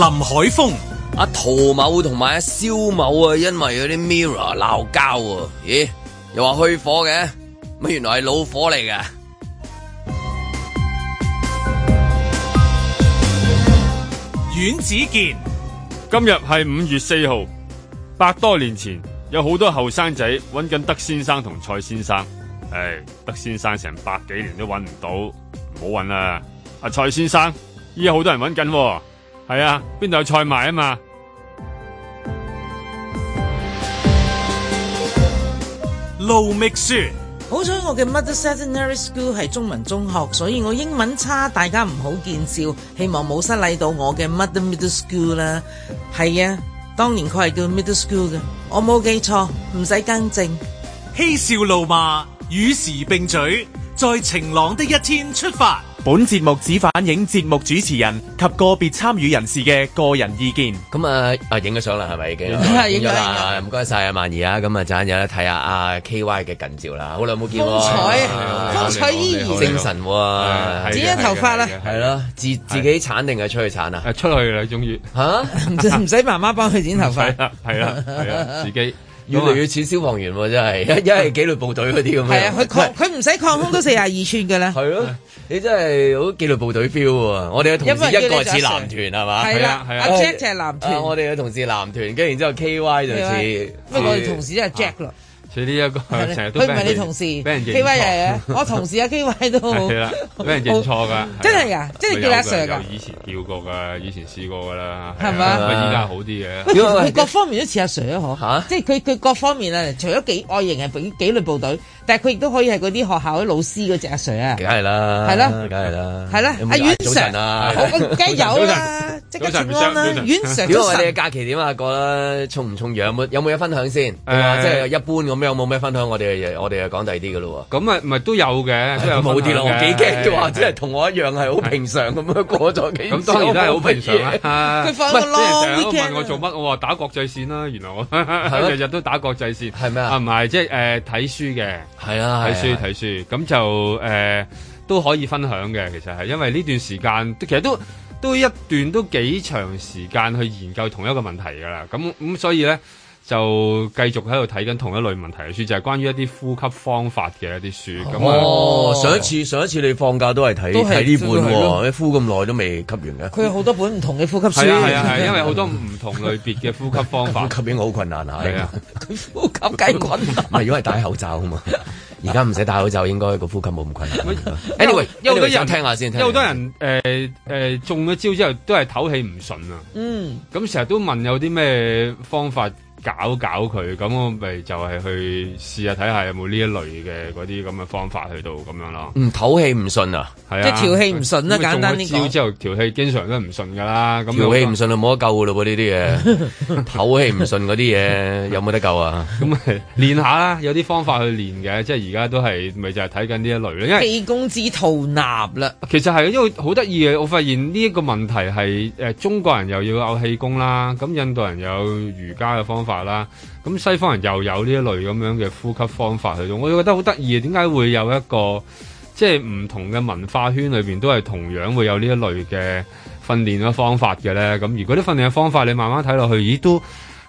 林海峰阿陶某同埋阿蕭某啊，因為有啲 mirror 鬧交啊，咦？又話去火嘅，乜原來係老火嚟㗎？阮子健今日係五月四號，百多年前有好多後生仔揾緊德先生同蔡先生。唉、哎，德先生成百幾年都揾唔到，唔好揾啦。阿、啊、蔡先生依家好多人揾緊。係啊，邊度有菜賣啊嘛？盧覓雪，好彩我嘅 Middle Secondary School 係中文中學，所以我英文差，大家唔好見笑，希望冇失禮到我嘅 Middle Middle School 啦。係啊，當年佢係叫 Middle School 嘅，我冇記錯，唔使更正。嬉笑怒罵與時並進，在晴朗的一天出發。本節目只反映節目主持人及個別參與人士嘅個人意見。咁、嗯嗯、啊，啊，啊，啊，啊影咗相啦，係咪已經？係影咗啦，唔該晒啊，曼儀啊，咁啊，陣間有啦，睇下啊，阿 KY 嘅近照啦，好耐冇見喎。風采，風采依然精神。剪咗頭髮啦？係咯，自自己鏟定係出去鏟啊？出去啦，終於吓，唔使媽媽幫佢剪頭髮啦，係啦，係啦，自己。越嚟越似消防員喎、啊，真係因為紀律部隊嗰啲咁樣。係啊，佢抗佢唔使抗空都四十二吋嘅咧。係 咯 、啊，你真係好紀律部隊 feel 喎、啊！我哋嘅同事一個似男團係嘛？係啦，阿 Jack 就係男團。因為因為啊男團啊、我哋嘅同事男團，跟住然之後 KY 就似，乜我哋同事就係 Jack 咯。啊所以呢一個成日都俾人,人認錯，基偉啊！ 我同事啊，基偉都係啦，俾人認錯噶， 真係啊，真係叫阿 Sir 噶。以前叫過噶，以前試過噶啦，係咪？不過依家好啲嘅。佢各方面都似阿 Sir 啊，嗬！即係佢佢各方面啊，除咗紀外形係屬於紀律部隊，啊、但係佢亦都可以係嗰啲學校啲老師嗰隻阿 Sir, 對對對阿 Sir 有有啊。梗係啦，係啦，梗係啦，係啦，阿阮 Sir 啊，梗係有啦，即刻點啊？阮 Sir 都嘅假期點啊？過啦，重唔充氧？有冇有分享先？即係一般咁。嗯、有冇咩分享？我哋嘅嘢，我哋又講第啲嘅咯。咁啊，唔係都有嘅，冇跌咯，幾驚嘅話，即係同我一樣係好平常咁樣過咗幾。咁當然都係好平常啦。佢發個 long，成日都問我做乜、啊，我話打國際線啦、啊。原來我日日、啊、都打國際線，係咩啊？唔係即係誒睇書嘅，係啊，睇書睇書，咁、啊、就誒、呃、都可以分享嘅。其實係因為呢段時間，其實都都一段都幾長時間去研究同一個問題噶啦。咁咁、嗯、所以咧。就繼續喺度睇緊同一類問題嘅書，就係、是、關於一啲呼吸方法嘅一啲書。咁、哦、啊，上一次上一次你放假都係睇都係呢本你、啊、呼咁耐都未吸完嘅。佢有好多本唔同嘅呼吸。係啊係啊係，啊 因為好多唔同類別嘅呼吸方法。 呼吸已經好困難啊，係啊，佢呼吸雞滾。唔係，如果係戴口罩啊嘛。而家唔使戴口罩，應該個呼吸冇咁困難。 Anyway，因為好多人，多人聽下先，因為好多人誒誒、呃呃、中咗招之後都係唞氣唔順啊。嗯，咁成日都問有啲咩方法。搞搞佢，咁我咪就係去試下睇下有冇呢一類嘅嗰啲咁嘅方法去到咁樣咯。唔唞氣唔順啊，即係調氣唔順啦，簡單啲講。招之後調氣經常都唔順噶啦，調氣唔順就冇得救噶咯，呢啲嘢唞氣唔順嗰啲嘢有冇得救啊？咁咪練下啦，有啲方法去練嘅，即係而家都係咪就係睇緊呢一類，因為氣功之吐納啦。其實係因為好得意嘅，我發現呢一個問題係誒中國人又要有氣功啦，咁印度人有瑜伽嘅方法，法啦，咁西方人又有呢一類咁樣嘅呼吸方法喺度，我就覺得好得意啊！點解會有一個即係唔同嘅文化圈裏邊都係同樣會有呢一類嘅訓練嘅方法嘅咧？咁如果啲訓練嘅方法你慢慢睇落去，咦都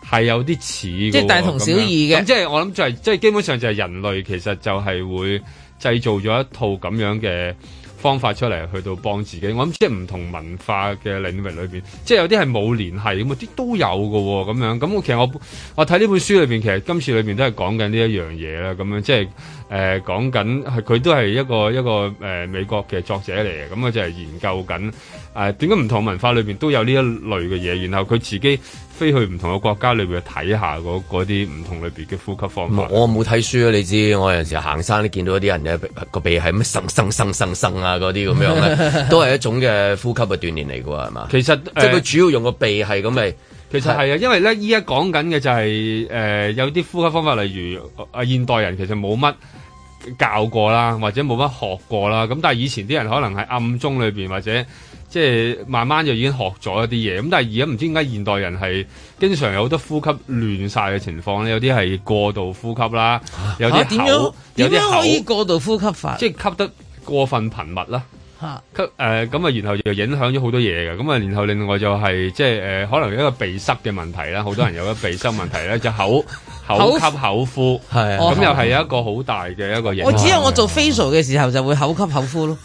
係有啲似，即係大同小異嘅。咁即係我諗就係即係基本上就係人類其實就係會製造咗一套咁樣嘅。方法出嚟去到幫自己，我諗即係唔同文化嘅領域裏面，即、就、係、是、有啲係冇聯繫咁啲都有喎、哦。咁樣。咁其實我我睇呢本書裏面，其實今次裏面都係講緊呢一樣嘢啦。咁樣即係誒講緊，佢、呃、都係一個一個誒、呃、美國嘅作者嚟嘅，咁啊就係研究緊誒點解唔同文化裏面都有呢一類嘅嘢，然後佢自己。飛去唔同嘅國家裏邊去睇下嗰啲唔同裏邊嘅呼吸方法。我冇睇書啊！你知我有陣時行山你見到啲人嘅、個鼻係咩呻呻呻呻呻啊，嗰啲咁樣咧， 都係一種嘅呼吸嘅鍛鍊嚟嘅喎，係嘛？其實、呃、即係佢主要用個鼻係咁嚟。其實係啊，因為咧依家講緊嘅就係、是、誒、呃、有啲呼吸方法，例如啊、呃、現代人其實冇乜教過啦，或者冇乜學過啦。咁但係以前啲人可能係暗中裏邊或者。即係慢慢就已經學咗一啲嘢，咁但係而家唔知點解現代人係經常有好多呼吸亂晒嘅情況咧，有啲係過度呼吸啦，有啲口，啊、點樣有啲口可以過度呼吸法，即係吸得過分頻密啦，吸誒咁啊，然後就影響咗好多嘢嘅，咁啊，然後另外就係即係誒可能有一個鼻塞嘅問題啦，好多人有個鼻塞問題咧， 就口。口吸口呼係啊，咁又係一個好大嘅一個嘢。我只有我做 facial 嘅時候就會口吸口呼咯，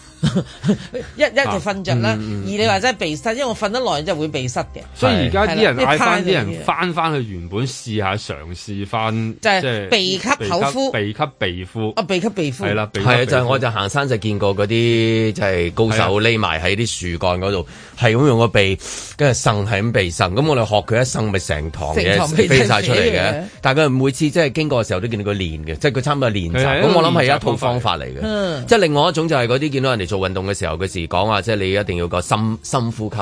一一就瞓着啦，而你話真係鼻塞，因為我瞓得耐就會鼻塞嘅。所以而家啲人嗌啲人翻翻、啊去，就是就是、去原本試下嘗試翻，即係鼻吸口呼，鼻吸鼻呼。啊，鼻吸鼻呼係啦，係就係、是、我就行山就見過嗰啲就係高手匿埋喺啲樹幹嗰度，係咁、啊、用個鼻跟住吸，係咁鼻吸。咁我哋學佢一生咪成堂嘅飛晒出嚟嘅，大家。每次即係經過嘅時候，都見到佢練嘅，即係佢差唔多係練習。咁我諗係一套方法嚟嘅。即、嗯、係另外一種就係嗰啲見到人哋做運動嘅時候，佢時講話即係你一定要個深深呼吸，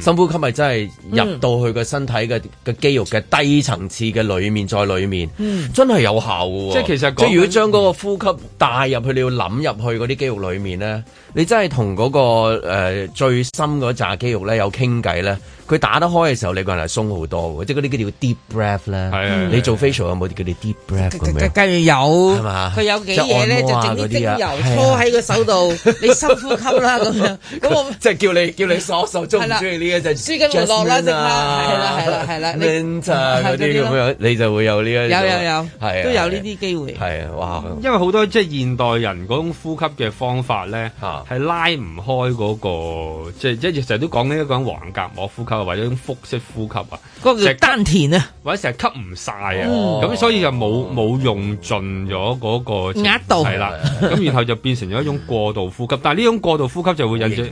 深、嗯、呼吸咪真係入到去個身體嘅嘅、嗯、肌肉嘅低層次嘅裏面，再裏面，嗯、真係有效喎。嗯、即係其實，即係如果將嗰個呼吸帶入去，你要諗入去嗰啲肌肉裏面咧。你真係同嗰個、呃、最深嗰紮肌肉咧有傾偈咧，佢打得開嘅時候，你個人係鬆好多喎。即係嗰啲叫 deep breath 咧。嗯、有有呢啊，你做 facial 有冇啲叫你 deep breath 咁樣？梗係有，佢有幾嘢咧，就整啲精油搓喺個手度，你深呼吸啦咁樣咁 我即係叫你叫你索手鍾唔鍾意呢一隻？舒筋活絡啦，係啦係啦係啦 l e n t 嗰啲你就會有呢一有有有，都有呢啲機會。係啊，哇！因為好多即係現代人嗰種呼吸嘅方法咧係拉唔開嗰、那個，即係即係成日都講呢一個橫隔膜呼吸，或者一種腹式呼吸啊。嗰、那個叫丹田啊，或者成日吸唔晒啊，咁、哦、所以就冇冇、哦、用盡咗嗰個壓度係啦，咁 然後就變成咗一種過度呼吸。但係呢種過度呼吸就會引致、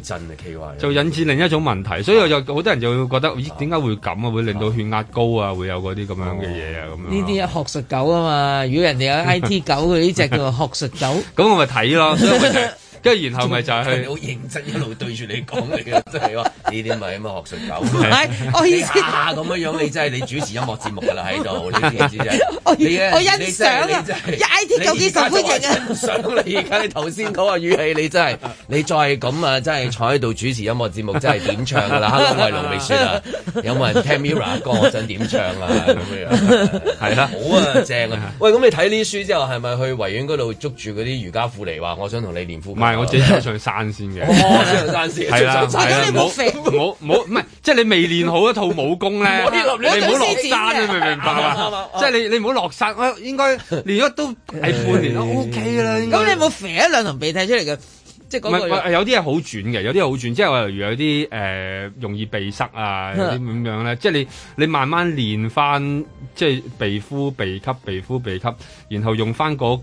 啊、就引致另一種問題，所以就好多人就會覺得咦，點解會咁啊？會令到血壓高啊？會有嗰啲咁樣嘅嘢啊？咁樣呢啲學術狗啊嘛， 如果人哋有 I T 狗，佢呢隻叫做學術狗，咁 我咪睇咯。 跟住然後咪就係去好認真一路對住你講 你嘅即係喎！呢啲咪咁嘅學術狗，哎呀咁嘅樣，你真係你主持音樂節目㗎啦喺度，呢啲真係我欣賞啊！一 at 九點十分型啊！我欣賞你而家 你頭先講嘅語氣，你真係你再咁啊，真係坐喺度主持音樂節目，真係點唱㗎啦？《愛奴未雪》啊， 有冇人聽 Mirror 歌想點唱啊？咁 嘅那樣係啦、 啊，好啊，正啊！ 喂，咁你睇呢啲書之後，係咪去維園度捉住啲瑜伽褲嚟話，我想同你練褲？我自己上山先嘅， 哦、 上山先，係啦，係啦，唔好，唔好，唔係，即係你未練好一套武功咧， 你唔好落山， 啊、你明唔明白？啊即、啊、係你，你唔好落山， 我應該你練咗都係半年，O K 啦。 咁、嗯、你唔好扯一兩條鼻涕出嚟嘅。即有啲係好轉嘅，有啲好轉。即係例如有啲誒、呃、容易鼻塞啊，啲咁樣咧。 即係你你慢慢練翻，即係鼻呼鼻吸鼻呼鼻吸，然後用翻嗰、嗰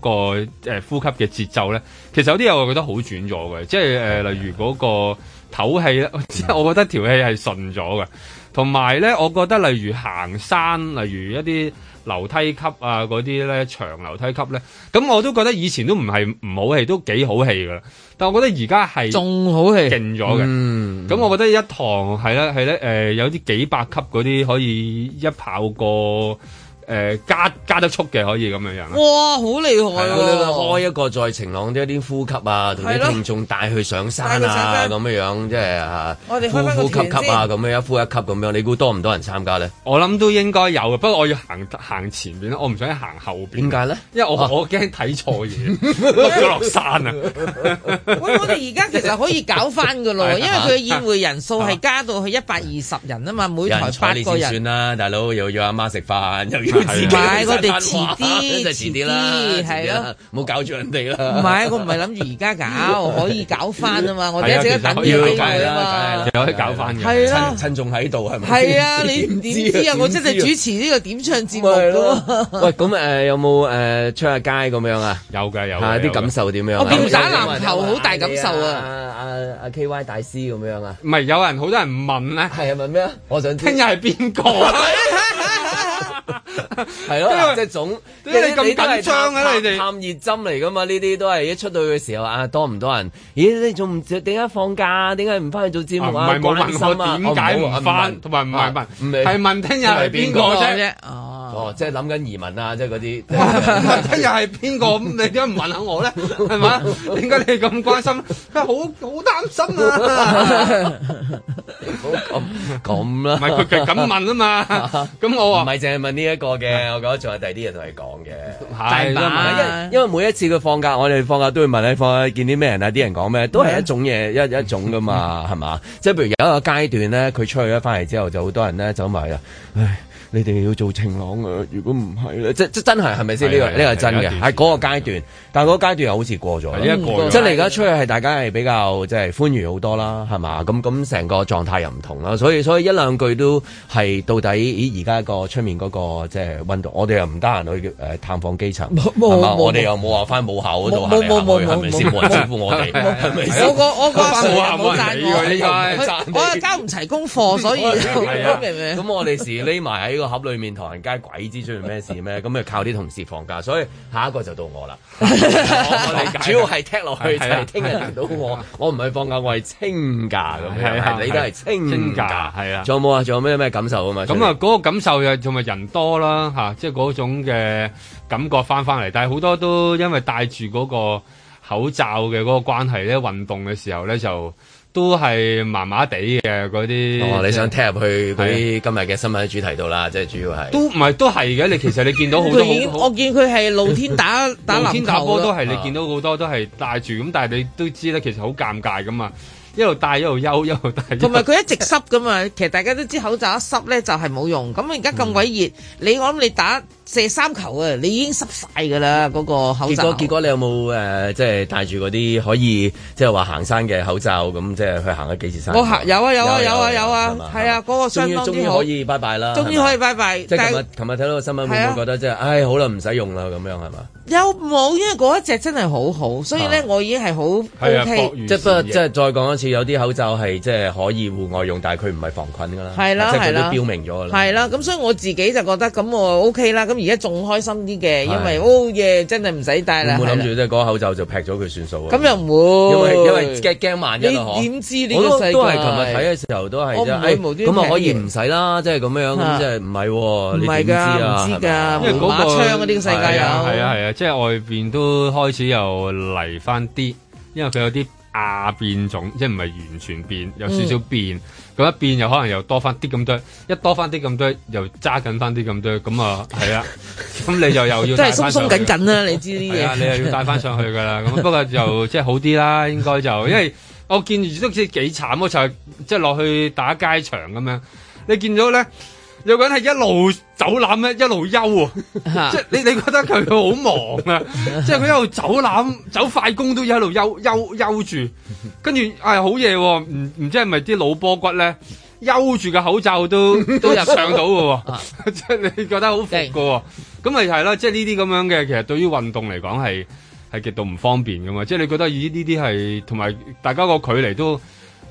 個、呃、呼吸嘅節奏咧。其實有啲人我覺得好轉咗嘅。即係、呃、例如嗰個唞氣咧，即係我覺得條氣係順咗嘅。同埋咧，我覺得例如行山，例如一啲。樓梯級啊，嗰啲咧長樓梯級咧，咁我都覺得以前都唔係唔好戲，都幾好戲噶。但係我覺得而家係仲好戲勁咗嘅。嗯，咁我覺得一堂係啦係咧，誒有啲幾百級嗰啲可以一跑過。誒、呃，加加得速嘅可以咁樣樣。哇，好厲害、啊！我開一個在晴朗啲，啲呼吸啊，同啲聽眾帶去上山啊，咁樣、啊、樣，即係啊，我開個呼呼吸，吸吸啊，咁樣一呼一吸咁樣，你估多唔多人參加咧？我諗都應該有嘅，不過我要行行前邊，我唔想行後邊，點解咧？因為我我驚睇錯嘢，跌咗落山啊！我 山 喂，我哋而家其實可以搞翻噶咯，因為佢嘅宴會人數係加到去一百二十人啊嘛，每台八個人，人你算啦，大佬又約阿媽食飯又。要唔係， 我哋遲啲，真遲啲啦，係咯，冇搞住人哋啦。唔係，我唔係諗住而家搞， 我可以搞翻啊嘛，我哋一陣間、啊可，啊、可以搞翻可以搞翻嘅，趁趁仲喺度係咪？係啊，你唔知啊？我真係主持呢、呢個點唱節目咯。喂，咁誒有冇誒出下街咁樣啊？有㗎有，啲感受點樣？我見打籃球好大感受啊！阿阿 K Y 大師咁樣啊？唔係，有人好多人唔問啊。係啊，問咩啊？我想聽日係邊個？係 咯，只、就、種、是、你咁緊張啊！你哋探熱針嚟噶嘛？呢啲都係一出到去嘅時候啊，多唔多人？咦，你仲唔知？點解放假、啊？點解唔翻去做節目啊？唔、啊、係冇問我點解唔翻，同埋唔係問，係、啊、問聽日係邊個啫？哦，即係諗緊移民啊，即係嗰啲。聽日係邊個咁？你點解唔問下我咧？係嘛？點解你咁關心？好好擔心啊！咁、嗯、啦，唔係佢咁問啊嘛？咁我話唔係淨係問。呢、這、一個嘅，我覺得仲有第二啲人同你講嘅，係因為每一次佢放假，我哋放假都會問你，放假見啲咩人啊？啲人講咩？都係一種嘢、啊，一一種㗎嘛，係 嘛？即係譬如有一個階段咧，佢出去咗，翻嚟之後就好多人咧走埋啦，唉。你哋要做晴朗啊！如果唔係咧，即即真係係咪先？呢、呢個呢個真嘅，係嗰、嗰個階段，但係嗰個階段又好似過咗。呢一個，即係你而家出去係大家係比較即係歡愉好多啦，係嘛？咁咁成個狀態又唔同啦，所以所以一兩句都係到底咦、那個？而家個出面嗰個即係溫度，我哋又唔得閒去誒探訪基層，我哋又冇話翻母校嗰度冇，行嚟行去，係咪先？冇人招呼我哋。 我個我我我交唔齊功課，所以咁我哋時匿埋喺。個盒裏面唐人街鬼知出咩事咩？咁 咪靠啲同事放假，所以下一個就到我啦。 主要係踢落去，聽 日見到我， 我唔係放假，我係清假咁樣， 你都係清假，係啊。仲有冇啊？仲有咩咩感受啊？嘛，咁啊，嗰個感受又同埋人多啦，吓、啊，即係嗰種嘅感覺翻翻嚟。但係好多都因為戴住嗰個口罩嘅嗰個關係咧，運動嘅時候咧就。都係麻麻地嘅嗰啲，哦，你想聽入去嗰啲今日嘅新聞主題度啦，即係主要係都唔係都係嘅。你其實你見到好多很， 我見佢係露天打打 露天打波都係你見到好多都係戴住咁，但係你都知咧，其實好尷尬噶嘛，一路戴一路休，一路戴。同埋佢一直濕噶嘛， 其實大家都知口罩一濕咧就係冇用，咁而家咁鬼熱，你我諗你打。射三球啊！你已經濕晒㗎啦，嗰、那個口罩。結果，結果你有冇誒，即、呃、係、就是、戴住嗰啲可以即係話行山嘅口罩咁，即係去行咗幾次山？我行有啊有啊有啊有啊，係啊嗰、啊啊啊啊啊啊啊那個相當之好。終於可以拜拜啦！終於可以拜拜。即係琴日琴日睇到個新聞，會唔會覺得即係、啊、唉好啦，唔使用啦咁樣係嘛？有冇？因為嗰一隻真係好好，所以咧我已經係好 OK、啊啊。即不即係再講一次，有啲口罩係即係可以戶外用，但係佢唔係防菌㗎啦，即係佢都標明咗㗎啦。係啦、啊，咁、啊、所以我自己就覺得咁我 OK 啦咁。而家仲開心啲嘅，因為哦嘢、oh yeah, 真係唔使戴啦。冇諗住即係嗰個口罩就劈咗佢算數啊！咁又唔會，因為驚萬一。你點知呢個世界都係琴日睇嘅時候都係啫。咁啊可以唔使啦，即係咁樣，即係唔係？唔係、唔係喎、你唔知㗎。因為嗰、嗰個係啊係啊，啊，啊，啊，啊，啊，啊，即係外邊都開始又嚟翻啲，因為佢有啲。亞、啊、變種即係唔係完全變，有少少變。咁、嗯、一變又可能又多翻啲咁多，一多翻啲咁多點點點又揸緊翻啲咁多。咁啊係啦，咁 你就又要即係鬆鬆緊緊啦、啊。你知啲嘢、啊，你又要帶翻上去㗎啦。咁 不過就即係好啲啦，應該就因為我見住都似幾慘喎、啊，就即係落去打街場咁樣。你見到咧？有個人係一路走攬咧，一路休喎、啊， 即係你你覺得佢好忙啊， 即係佢一路走攬 走快攻都一路休休休住，跟住唉，好嘢唔唔知係咪啲老波骨咧休住嘅口罩都 都入上到喎、啊！ 即係你覺得好肥㗎喎！咁咪係啦，即係呢啲咁樣嘅，其實對於運動嚟講係係極度唔方便㗎嘛，即係你覺得依呢啲係同埋大家個距離都。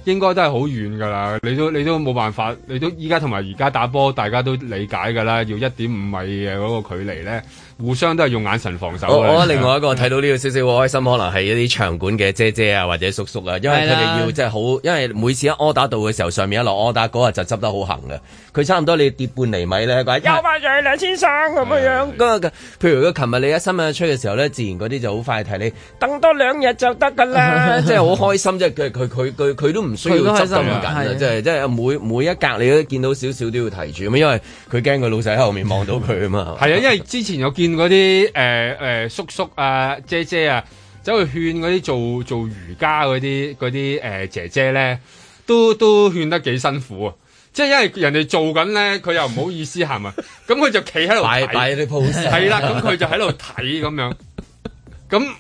應該都係好遠㗎啦！你都你都冇辦法，你都依家同埋而家打波，大家都理解㗎啦。要一點五米嘅嗰個距離咧。互相都係用眼神防守。我覺得另外一個睇到呢個消息好開心，嗯、可能係一啲場館嘅姐姐啊，或者叔叔啊，因為佢哋要即係好，因為每次一柯打到嘅時候，上面一落柯打嗰日就執得好行嘅。佢差唔多你跌半厘米咧，佢話又翻上兩千三咁樣樣、那個。譬如佢琴日你一新聞出嘅時候呢，自然嗰啲就好快提你等多兩日就得㗎啦。即係好開心，即係佢佢佢都唔需要執得咁緊，即係即係每每一格你都見到少少都要提住，因為佢驚佢老細喺後面望到佢啊嘛。係啊，因為之前有見。嗰啲誒誒叔叔啊、姐姐啊，走去勸嗰啲做做瑜伽嗰啲嗰啲誒姐姐咧，都都勸得幾辛苦啊！即係因為人哋做緊咧，佢又唔好意思係咪？咁 佢就企喺度睇，擺啲 pose 係啦。咁佢就喺度睇咁樣，咁。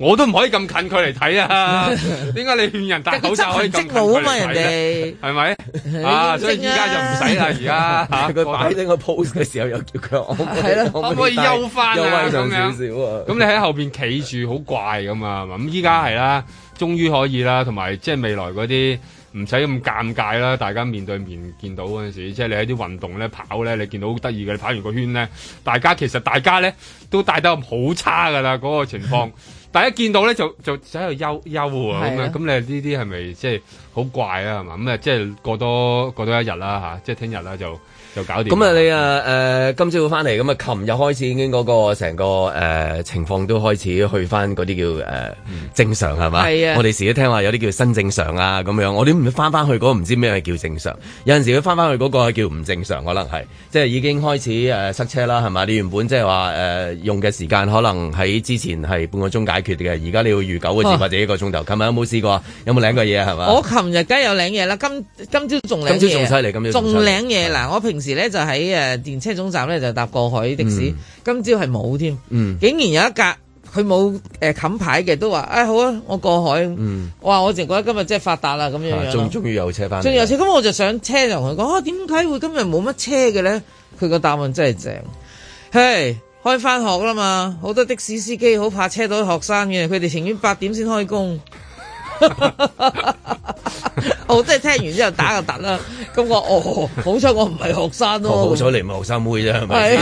我都唔可以咁近佢嚟睇啊！點解你勸人戴口罩可以咁近佢嚟人啊？係咪啊？所以依家就唔使、啊啊、啦。而家佢擺定個 pose 嘅時候，又叫佢可唔可以可唔可以優返？咁樣咁你喺後面企住好怪噶嘛？咁依家係啦，終於可以啦，同埋即係未來嗰啲唔使咁尷尬啦。大家面對面見到嗰陣時，即係你喺啲運動咧跑咧，你見到好得意嘅。你跑完個圈咧，大家其實大家咧都帶得好差㗎啦，嗰、嗰個情況。 第一見到咧就就就喺度休休喎，咁樣，咁你呢啲係咪即係好怪啊？係嘛咁啊，即係過多過多一日啦吓，即係聽日啦就是。就搞掂。咁啊，你、嗯、啊，誒、呃，今朝會翻嚟，咁、嗯、啊，琴日開始已經嗰個成個誒、呃、情況都開始去翻嗰啲叫誒、呃、正常係嘛？係啊。我哋時都聽話有啲叫新正常啊咁樣，我哋翻翻去嗰、那個唔知咩叫正常。有陣時佢翻翻去嗰、那個叫唔正常，可能係即係已經開始誒、呃、塞車啦，係嘛？你原本即係話誒用嘅時間可能喺之前係半個鐘解決嘅，而家你要預九個字或者一個鐘頭。琴日啊，有冇試過？啊、有冇領過嘢係嘛？我琴日梗係有領嘢啦，今今朝仲領嘢。今朝仲犀利，今朝仲領嘢嗱。我平時咧就喺誒、啊、電車總站咧就搭過海的士，嗯、今朝係冇添，嗯竟然有一架佢冇誒冚牌嘅都話啊、哎、好啊，我過海，嗯哇！我淨覺得今日真係發達啦，咁樣仲中終於有車翻，終於有車，咁我就上車就同佢講啊，點解會今日冇乜車嘅咧？佢個答案真係正、嗯，嘿，開翻學啦嘛，好多的士司機好怕車到學生嘅，佢哋情願八點先開工。我即係聽完之後打個突啦，咁我哦，好彩我唔係學生咯，啊， 哦、好彩你唔係學生妹啫，係咪？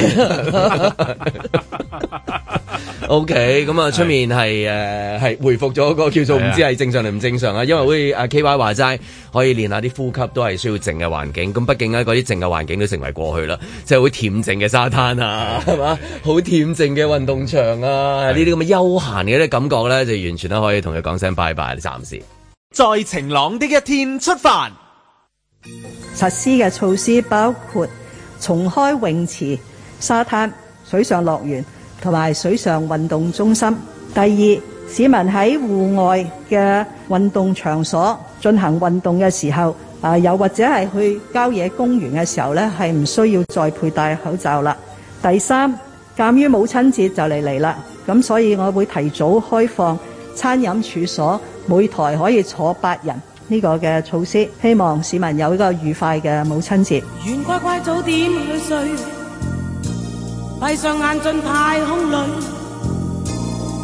O K，咁啊，出面係誒，係、呃、回復咗個叫做唔知係正常定唔正常啊，因為好似阿 K Y 話齋，可以練下啲呼吸都係需要靜嘅環境。咁畢竟咧，嗰啲靜嘅環境都成為過去啦，即係好恬靜嘅沙灘啊，係嘛，好恬靜嘅運動場啊，呢啲咁嘅悠閒嘅啲感覺咧，就完全都可以同佢講聲拜拜，暫時。在晴朗的一天出發。實施嘅措施包括重開泳池、沙灘、水上樂園。同埋水上運動中心。第二，市民喺戶外嘅運動場所進行運動嘅時候，啊、呃，又或者係去郊野公園嘅時候呢，係唔需要再佩戴口罩啦。第三，鑑於母親節就嚟嚟啦，咁所以我會提早開放餐飲處所，每台可以坐八人呢、呢個嘅措施，希望市民有一個愉快嘅母親節。圓乖乖早點去睡。閉上眼，進太空裏，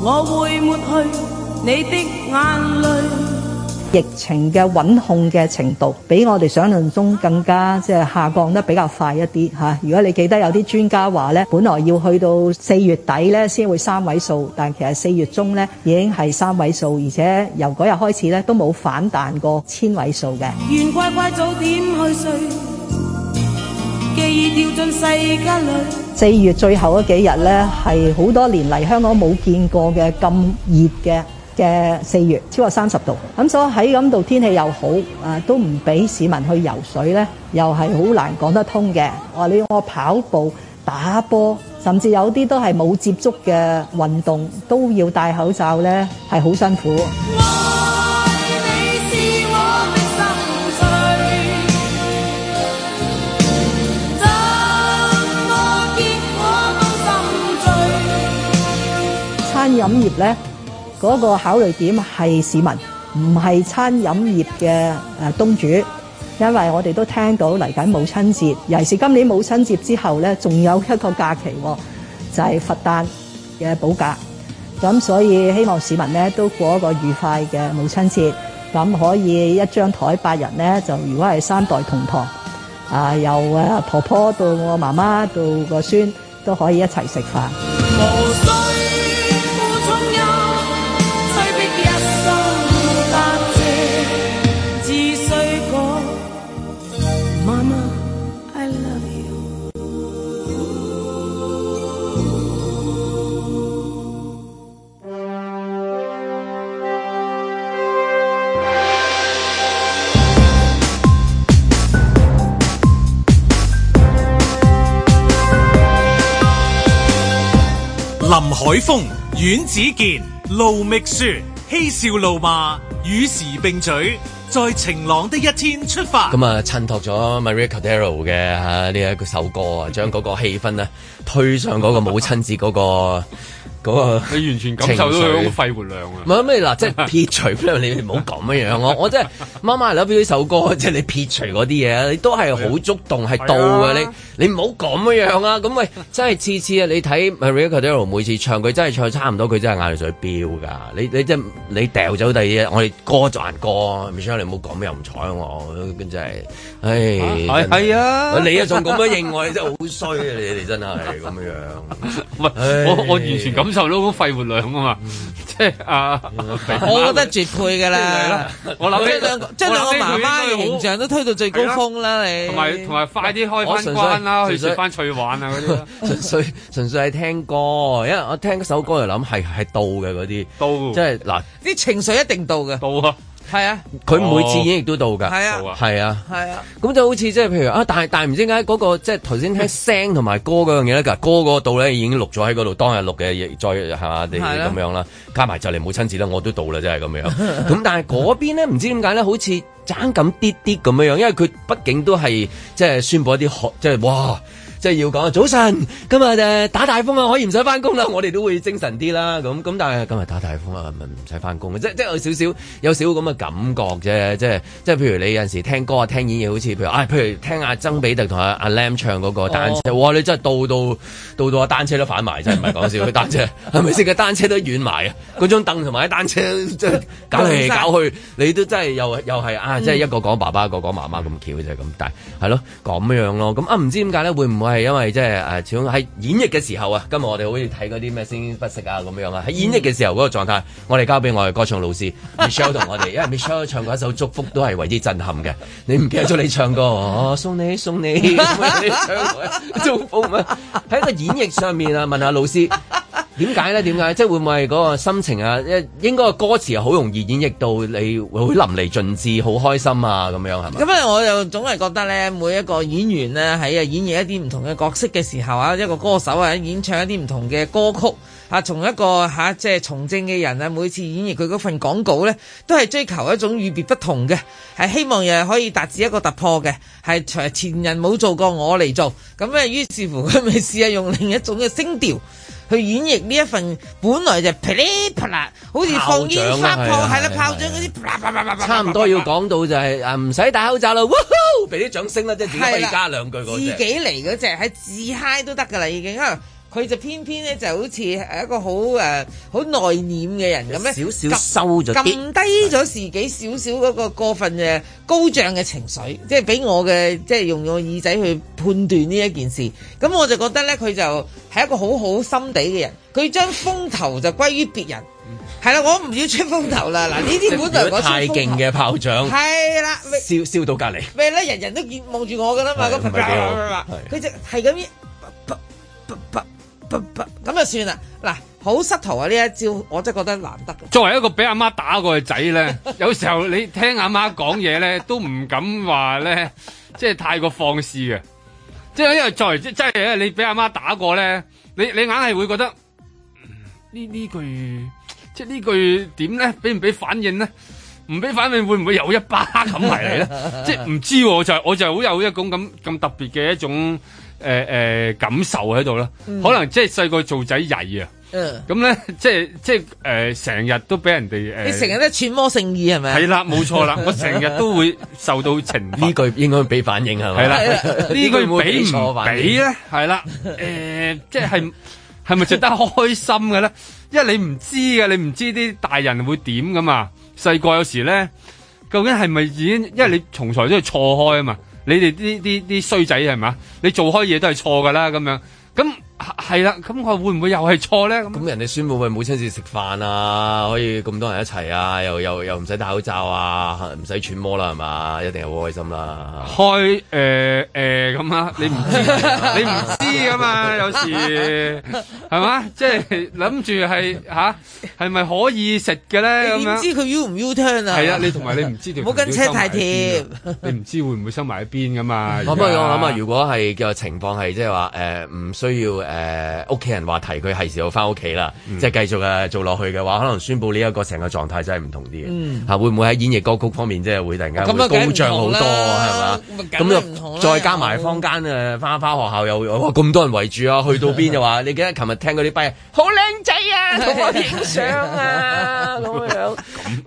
我會抹去你的眼淚。疫情嘅管控嘅程度，比我哋想象中更加即係、就是、下降得比較快一啲吓、啊。如果你記得有啲專家話咧，本來要去到四月底咧先會三位數，但其實四月中咧已經係三位數，而且由嗰日開始咧都冇反彈過千位數嘅。願乖乖早點去睡。四月最後嗰幾日呢，係好多年嚟，香港冇見過嘅咁熱嘅嘅四月，超過三十度。咁所以喺咁度天氣又好，啊都唔俾市民去游水呢又係好難講得通嘅。話你要我跑步、打波，甚至有啲都係冇接觸嘅運動，都要戴口罩呢係好辛苦。餐飲業咧，嗰、那個考慮點係市民，唔係餐飲業嘅誒東主，因為我哋都聽到嚟緊母親節，尤其是今年母親節之後咧，仲有一個假期，哦，就係、是、佛誕嘅補假，咁所以希望市民咧，都過一個愉快嘅母親節，咁可以一張台八人咧，就如果係三代同堂，啊由啊婆婆到我媽媽到個孫都可以一齊食飯。 林海峰、阮子健、盧覓雪嬉笑怒罵，與時並舉，在晴朗的一天出發。咁啊，襯托咗 Mariah Carey 嘅吓呢一首歌啊，將嗰個氣氛呢，推上嗰個母親節嗰個。那個、你完全感受到嗰個肺活量 啊！唔係咩嗱，即係撇除你唔好咁樣，我我真係媽媽嚟啦！諗起呢首歌，即係你撇除嗰啲嘢，你都係好觸動，係、啊、到嘅、啊、你你唔好咁樣啊！咁喂，真係次次啊！你睇 Mariah Carey 每次唱佢真係唱差唔多，佢真係眼淚水飆噶！你你真你掉走第二我哋歌就歌，Michelle 你唔好咁樣又唔睬我，我真係唉係啊！你啊仲咁樣認為真係好衰啊！你哋真係咁樣我我完全感受到咁肺活量啊嘛，即係啊，我覺得絕配噶啦，我諗你即係兩個，即係兩個媽媽嘅形象都推到最高峰啦，你同埋同埋快啲開翻關啦，去食翻翠環啊嗰啲，純粹純粹係聽歌，因為我聽首歌就諗係係到嘅嗰啲，到即係嗱，啲情緒一定到嘅，到啊。係啊，佢每次演亦都到噶，係、哦、啊，係啊，咁、啊啊啊啊、就好似即係譬如啊，但係但係唔知點解嗰個即係頭先聽聲同埋歌嗰樣嘢咧，噶歌嗰度呢咧已經錄咗喺嗰度，當日錄嘅，再下哋咁樣啦，加埋就嚟冇親子啦，我都到啦，真係咁樣。咁 但係嗰邊咧，唔知點解咧，好似爭咁啲啲咁樣樣，因為佢畢竟都係即係宣布一啲即係哇。即係要講早晨！今日就打大風啊，可以唔使翻工啦，我哋都會精神啲啦。咁咁，但係今日打大風啊，係咪唔使翻工啊，即即係有少少有少少咁嘅感覺啫。即係即係，譬如你有陣時聽歌啊，聽演嘢，好似譬如啊、哎，譬如聽阿曾比特同阿阿 Lam 唱嗰個單車、哦，哇！你真係到到到到，阿單車都反埋，真係唔係講笑，， 單車 係咪？單車係咪先？個單車都軟埋啊！嗰張凳同埋啲單車，即係搞嚟搞去，你都真係又又係啊！嗯、即係一個講爸爸，一個講媽媽咁巧就係咁，但係係咯咁樣咯。咁啊，唔知點解咧，會唔會？係因為即係誒，始終喺演繹嘅時候啊，今日我哋好似睇嗰啲咩《聲生不息》啊咁樣啊，喺演繹嘅時候嗰個狀態，我哋交俾我哋歌唱老師 Michelle 同我哋，因為 Michelle 唱過一首《祝福》，都係為之震撼嘅。你唔記得咗你唱歌？我送你送你，送你，送你 《祝福》啊嗎？喺個演繹上面啊，問下老師。點解呢？點解即係會唔會嗰個心情啊？應該個歌詞好容易演繹到，你會淋漓盡致，好開心啊！咁樣係嘛？咁啊，我又總係覺得呢，每一個演員呢、啊，喺啊演譯一啲唔同嘅角色嘅時候啊，一個歌手啊演唱一啲唔同嘅歌曲啊，從一個即係、啊就是、從政嘅人啊，每次演繹佢嗰份廣告呢，都係追求一種與別不同嘅，係希望又係可以達至一個突破嘅，係前人冇做過，我嚟做咁啊，於是乎佢咪試下用另一種嘅聲調。去演繹呢一份，本來就噼里啪啦，好似放煙花炮，係啦，泡泡啊啊啊、炮仗嗰啲，啪啪啪啪啪。差唔多要講到就係啊唔使戴口罩啦，哇呼，俾啲掌聲啦，即係自己可以加兩句嗰、啊、自己嚟嗰隻，喺自嗨都得㗎啦，已經。佢就偏偏咧就好似係一個好誒好內斂嘅人咁咧，少少收咗，撳低咗自己少少嗰個過分嘅高漲嘅情緒，即係俾我嘅，即係用我耳仔去判斷呢一件事。咁我就覺得咧，佢就係一個好好心地嘅人。佢將風頭就歸於別人。係、嗯、啦，我唔要出風頭啦。嗱，呢啲本來我頭太勁嘅炮仗，係啦，燒燒到隔籬。咩咧？人人都見望住我噶啦嘛。佢就係咁樣。咁就算啦，嗱，好失頭啊！呢一招我真係覺得難得。作為一個俾阿媽，媽打過嘅仔咧， 有時候你聽阿媽講嘢咧， 都唔敢話咧，即係太過放肆嘅。即係因為作為即係你俾阿媽，媽打過咧，你你硬係會覺得呢呢句，即係呢句點咧，俾唔俾反應咧？唔俾反應會唔會有一巴咁嚟咧？即係唔知，我就是、我就好有一種咁咁特別嘅一種。誒、呃、誒、呃、感受喺度啦，可能即係細個做仔曳啊，咁咧即係即係誒成日都俾人哋誒、呃，你成日都揣摩聖意係咪？係啦，冇錯啦，錯 我成日都會受到情，呢 句應該俾反應係咪？係啦， 句呢句俾唔俾咧？係啦，誒即係係咪值得開心嘅咧？ 因為你唔知㗎，你唔知啲大人會點噶嘛？細個有時咧，究竟係咪已經？因為你從才都係錯開啊嘛。你哋啲啲啲衰仔係咪？你做開嘢都係錯㗎啦，咁樣咁。係、啊、啦，咁我會唔會又係錯咧？咁咁人哋宣佈咪冇親自食飯啊，可以咁多人一齊啊，又又又唔使戴口罩啊，唔使揣摩啦，係嘛？一定係好開心啦、啊。開誒誒咁啊你唔知 你唔知噶嘛？有時係嘛？即係諗住係吓，係、就、咪、是啊、可以食嘅咧？你唔知佢要唔要聽啊？係啊，你同埋你唔知條冇好跟車太貼你唔知會唔會收埋喺邊噶嘛？不過我諗啊，如果係嘅情況係即係話誒，唔需要。誒屋企人話提佢係時候翻屋企啦，即係繼續啊做落去嘅話，可能宣布呢一個成個狀態真係唔同啲嘅、嗯啊，會唔會喺演繹歌曲方面即係會突然間高漲好多係嘛？咁、嗯、又唔同啦、嗯、再加埋坊間啊，翻返學校又咁多人圍住啊，去到邊就話 你記得琴日聽嗰啲碑好靚仔啊，個火影相啊咁 那 樣，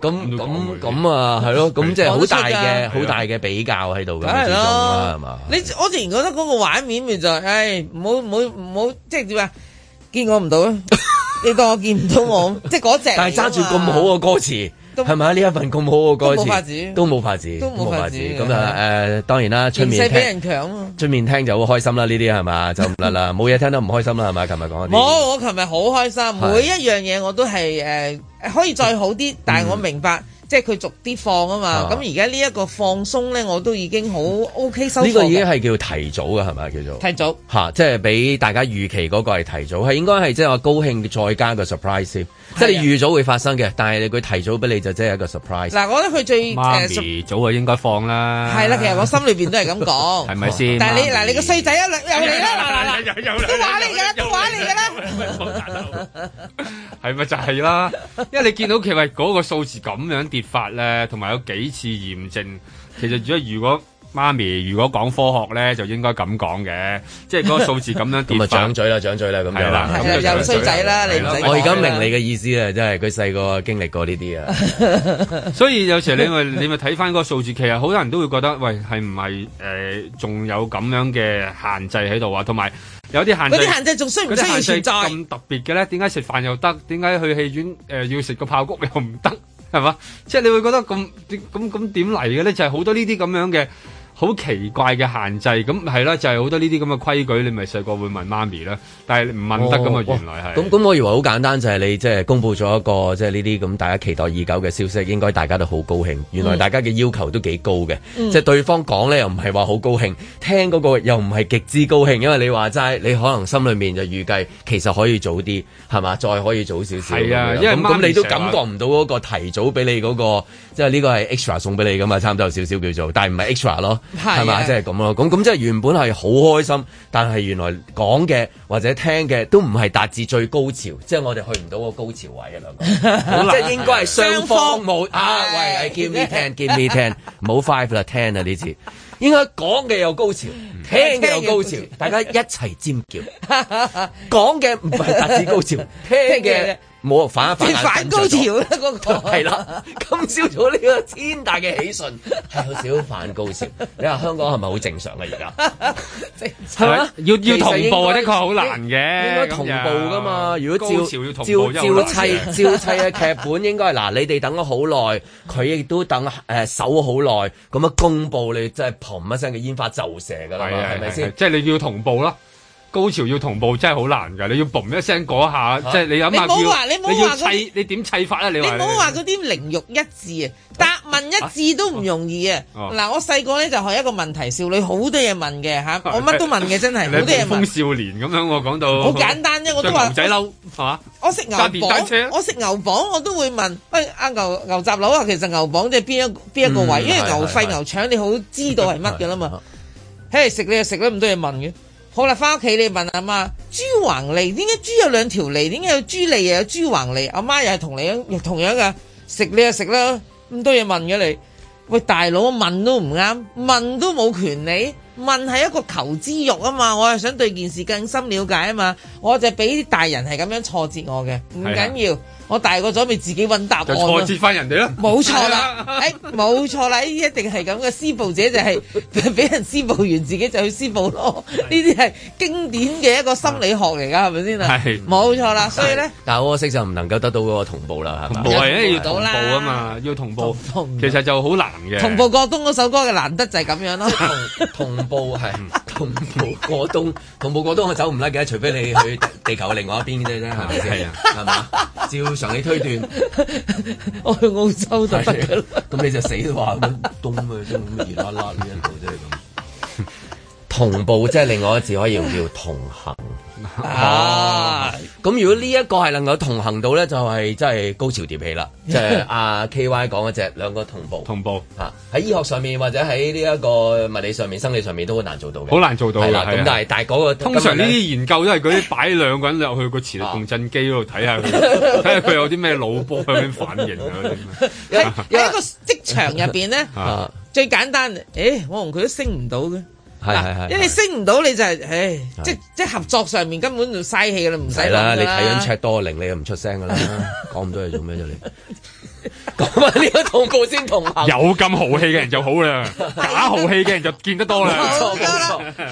咁咁咁啊係咯，咁即係好大嘅好大嘅比較喺度咁，梗係啦係嘛？你我自然覺得嗰個畫面咪就係唉冇冇即係點啊？見我唔到咯？ 你當我見唔到我？即係嗰隻。但係揸住咁好嘅歌詞，係咪呢一份咁好嘅歌詞，都冇法子，都冇法子，咁啊？誒、呃，當然啦，出面俾人強，出面聽就好開心啦。呢啲係嘛？就唔啦啦，冇 嘢聽得唔開心啦，係咪？琴日講。冇，我琴日好開心，每一樣嘢我都係誒、呃，可以再好啲、嗯，但係我明白。即係佢逐啲放啊嘛，咁而家呢一個放鬆咧，我都已經好 OK 收。呢、這個已經係叫提早嘅，係咪叫做提早？吓，即係俾大家預期嗰個係提早，係、啊、應該係，即係我高興再加個 surprise 先。是啊、即係預早會發生嘅，但係佢提早俾你就真係一個 surprise。嗱、啊，我覺得佢最遲早就應該放啦。係、啊、啦，其實我心裏邊都係咁講，係咪先？但係你嗱，你個衰仔又又嚟啦！嗱嗱都話你噶啦，都話你噶啦，係咪 打鬥 就係、是、啦？因為你見到其實嗰個數字咁樣跌法咧，同埋有，有幾次嚴症，其實如果如果。媽咪，如果講科學咧，就應該咁講嘅，即係嗰個數字咁樣跌翻。咁啊，掌嘴啦，掌嘴啦，咁就係啦，又衰仔啦，你我而家明你嘅意思啦，即係佢細個經歷過呢啲啊。 所以有時你咪你咪睇翻嗰個數字，其實好多人都會覺得，喂，係唔係誒？仲、呃、有咁樣嘅限制喺度啊？同埋有啲限制，啲限制仲需唔需要存在？咁特別嘅咧，點解食飯又得？點解去戲院誒、呃、要食個爆谷又唔得？係嘛？即係你會覺得咁點咁咁點嚟嘅咧？就係、是、好多呢啲咁樣嘅好奇怪嘅限制，咁係啦，就係、是、好多呢啲咁嘅規矩，你咪細個會問媽咪啦。但係你唔問得㗎嘛、哦。原來係。咁咁，我以為好簡單，就係、是、你即係、就是、公布咗一個即係呢啲咁大家期待已久嘅消息，應該大家都好高興。原來大家嘅要求都幾高嘅，即、嗯、係、就是、對方講咧又唔係話好高興，嗯、聽嗰個又唔係極之高興，因為你話齋，你可能心裏面就預計其實可以早啲，係嘛，再可以早少少。係啊，因為咁你都感覺唔到嗰個提早俾你嗰、那個，即係呢個係 extra 送俾你噶嘛，差唔多有少少叫做，但係唔係 extra 咯。係嘛，是啊就是、即係咁咯，咁咁即係原本係好開心，但係原來講嘅或者聽嘅都唔係達至最高潮，即係我哋去唔到個高潮位啊！即係應該係雙方冇、 哎、啊，喂、哎、，give me ten，give me ten，冇 five 啦 ten 啊呢次，應該講嘅有高潮，聽嘅有高潮，聽的高潮，大家一齊尖叫，講嘅唔係達至高潮，聽嘅。聽的冇反一反，反高潮啦，嗰個係啦，今朝早呢個天大嘅喜訊係好少反高潮。你話香港係咪好正常啦，啊？而家係嘛？要要同步啊，的確好難嘅。應該同步㗎嘛？如果照照照，照砌照砌嘅劇本應該係嗱，你哋等咗好耐，佢亦都等誒、呃、守好耐，咁樣公布你真係嘭一聲嘅煙花咒射是是就射㗎啦，係咪先？即係你要同步啦。高潮要同步真係好難噶，你要嘣一聲嗰下，即、啊、係、就是、你冇話叫你要砌你點砌法啊？你你冇話嗰啲靈肉一致啊、哦，答問一致都唔容易啊！嗱、啊啊，我細個咧就係一個問題少女，好多嘢問嘅吓、啊啊，我乜都問嘅、啊、真係，好多嘢。風少年咁樣，我講到、嗯、好簡單啫，我都話仔嬲我食牛房，我食牛房、啊？我都會問喂阿、哎、牛牛雜佬啊，其實牛房即係邊一邊一個位，嗯、因為牛肺牛腸、嗯嗯、你好知道係乜嘅啦嘛，嘿食你又食得咁多嘢問嘅。好啦，翻屋企你問阿媽，豬橫脷，點解豬有兩條脷？點解有豬脷又有豬橫脷？阿媽又係同你又同樣嘅食，你又食啦，咁多嘢問咗你。喂大佬，問都唔啱，問都冇權利，問係一個求知欲啊嘛，我係想對件事更深了解啊嘛，我就俾啲大人係咁樣挫折我嘅，唔緊要。我大個咗咪自己揾答案就挫折翻人哋咯。冇錯啦，誒、 欸，冇錯啦，呢啲一定係咁嘅。施暴者就係、是、俾 人施暴完，自己就去施暴咯。呢啲係經典嘅一個心理學嚟噶，係咪先啊？係，冇錯啦。所以咧，但係好可惜就唔能夠得到個同步啦，係嘛？係，一定要同步啊嘛，要同步嘛，要同步。同步其實就好難嘅。同步過冬嗰首歌嘅難得就係咁樣咯。 同步係。同步過冬，同步過冬我走唔甩嘅，除非你去地球嘅另外一邊嘅啫，係咪先？係嘛、啊？ 照常理推斷， 我去澳洲就係咁、啊、你就死都話咁冬啊，咁熱辣辣呢一度即係咁。就是、 同步即係另外一個字， 可以叫同行。啊，咁如果呢一個係能夠同行到咧，就係、是、真係高潮迭起啦！即係阿 K Y 講嗰隻兩個同步，同步嚇喺、啊、醫學上面或者喺呢一個物理上面、生理上面都好難做到嘅，好難做到啦。咁但係大嗰個通常呢啲研究都係嗰啲擺兩個人入去個磁力共振機嗰度睇下，睇下佢有啲咩腦波響面 反應有嗰啲。喺喺 個職場入邊咧、 啊，最簡單，誒、欸、我同佢都升唔到嘅。係係係，因為你升唔到你就係、是，唉，即即、就是就是、合作上面根本就嘥氣噶啦，唔使講啦。你睇緊尺多零，你又唔出聲噶啦，講咁多嘢做咩啫你？ 講返呢個通告先同行，有咁豪氣嘅人就好啦，假豪氣嘅人就見得多啦，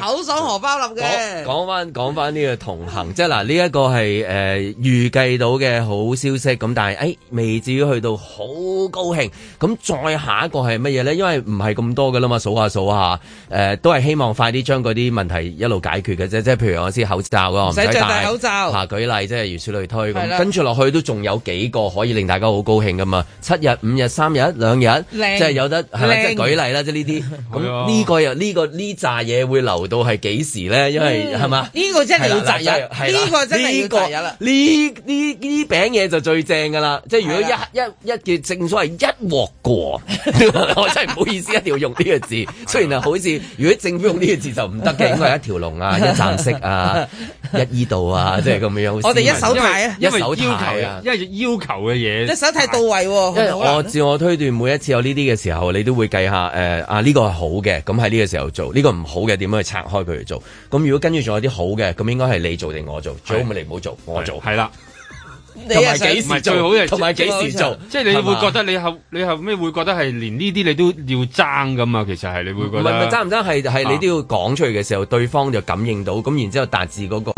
口爽荷包立嘅。講翻講翻呢個同行，即係嗱呢一個係誒預計到嘅好消息，咁但係誒未至於去到好高興，咁再下一個係乜嘢咧？因為唔係咁多噶啦嘛，數下數下，誒都係希望快啲將嗰啲問題一路解決嘅啫，即係譬如我試口罩啊，我唔使戴口罩，下舉例即係如此類推咁，跟住落去都仲有幾個可以令大家好高興噶嘛。七日、五日、三日、一兩日，即係有得嚇，即係舉例啦，即係、 嗯呢個呢個呢個、呢啲。咁呢個又呢個呢紮嘢會留到係幾時咧？因為係嘛？呢、嗯呢個真係要責任，呢、呢個呢個真係要責任啦。呢呢呢餅嘢就最正㗎啦。即係如果一一一件正所謂一鑊過， 我真係唔好意思 一定要用呢個字。雖然好似如果政府用呢個字就唔得嘅， 應該係一條龍啊、一站式啊、 一窩度啊，即係咁樣。 我哋一手睇啊因，因為要求，因為要求嘅嘢， 一手睇到位。因為我自我推斷，每一次有呢啲嘅時候，你都會計下，誒、呃，啊呢、呢個係好嘅，咁喺呢個時候做，呢、呢個唔好嘅點樣去拆開佢嚟做。咁如果跟住仲有啲好嘅，咁應該係你做定我做，最好咪你唔好做，我做，係啦。 同埋幾時做？最好係同埋幾時做？時做即係你會覺得你後你後尾會覺得係連呢啲你都要爭㗎嘛。其實係你會覺得唔係，唔係爭唔爭，係係你都要講出嚟嘅時候、啊，對方就感應到咁，然之後達至嗰個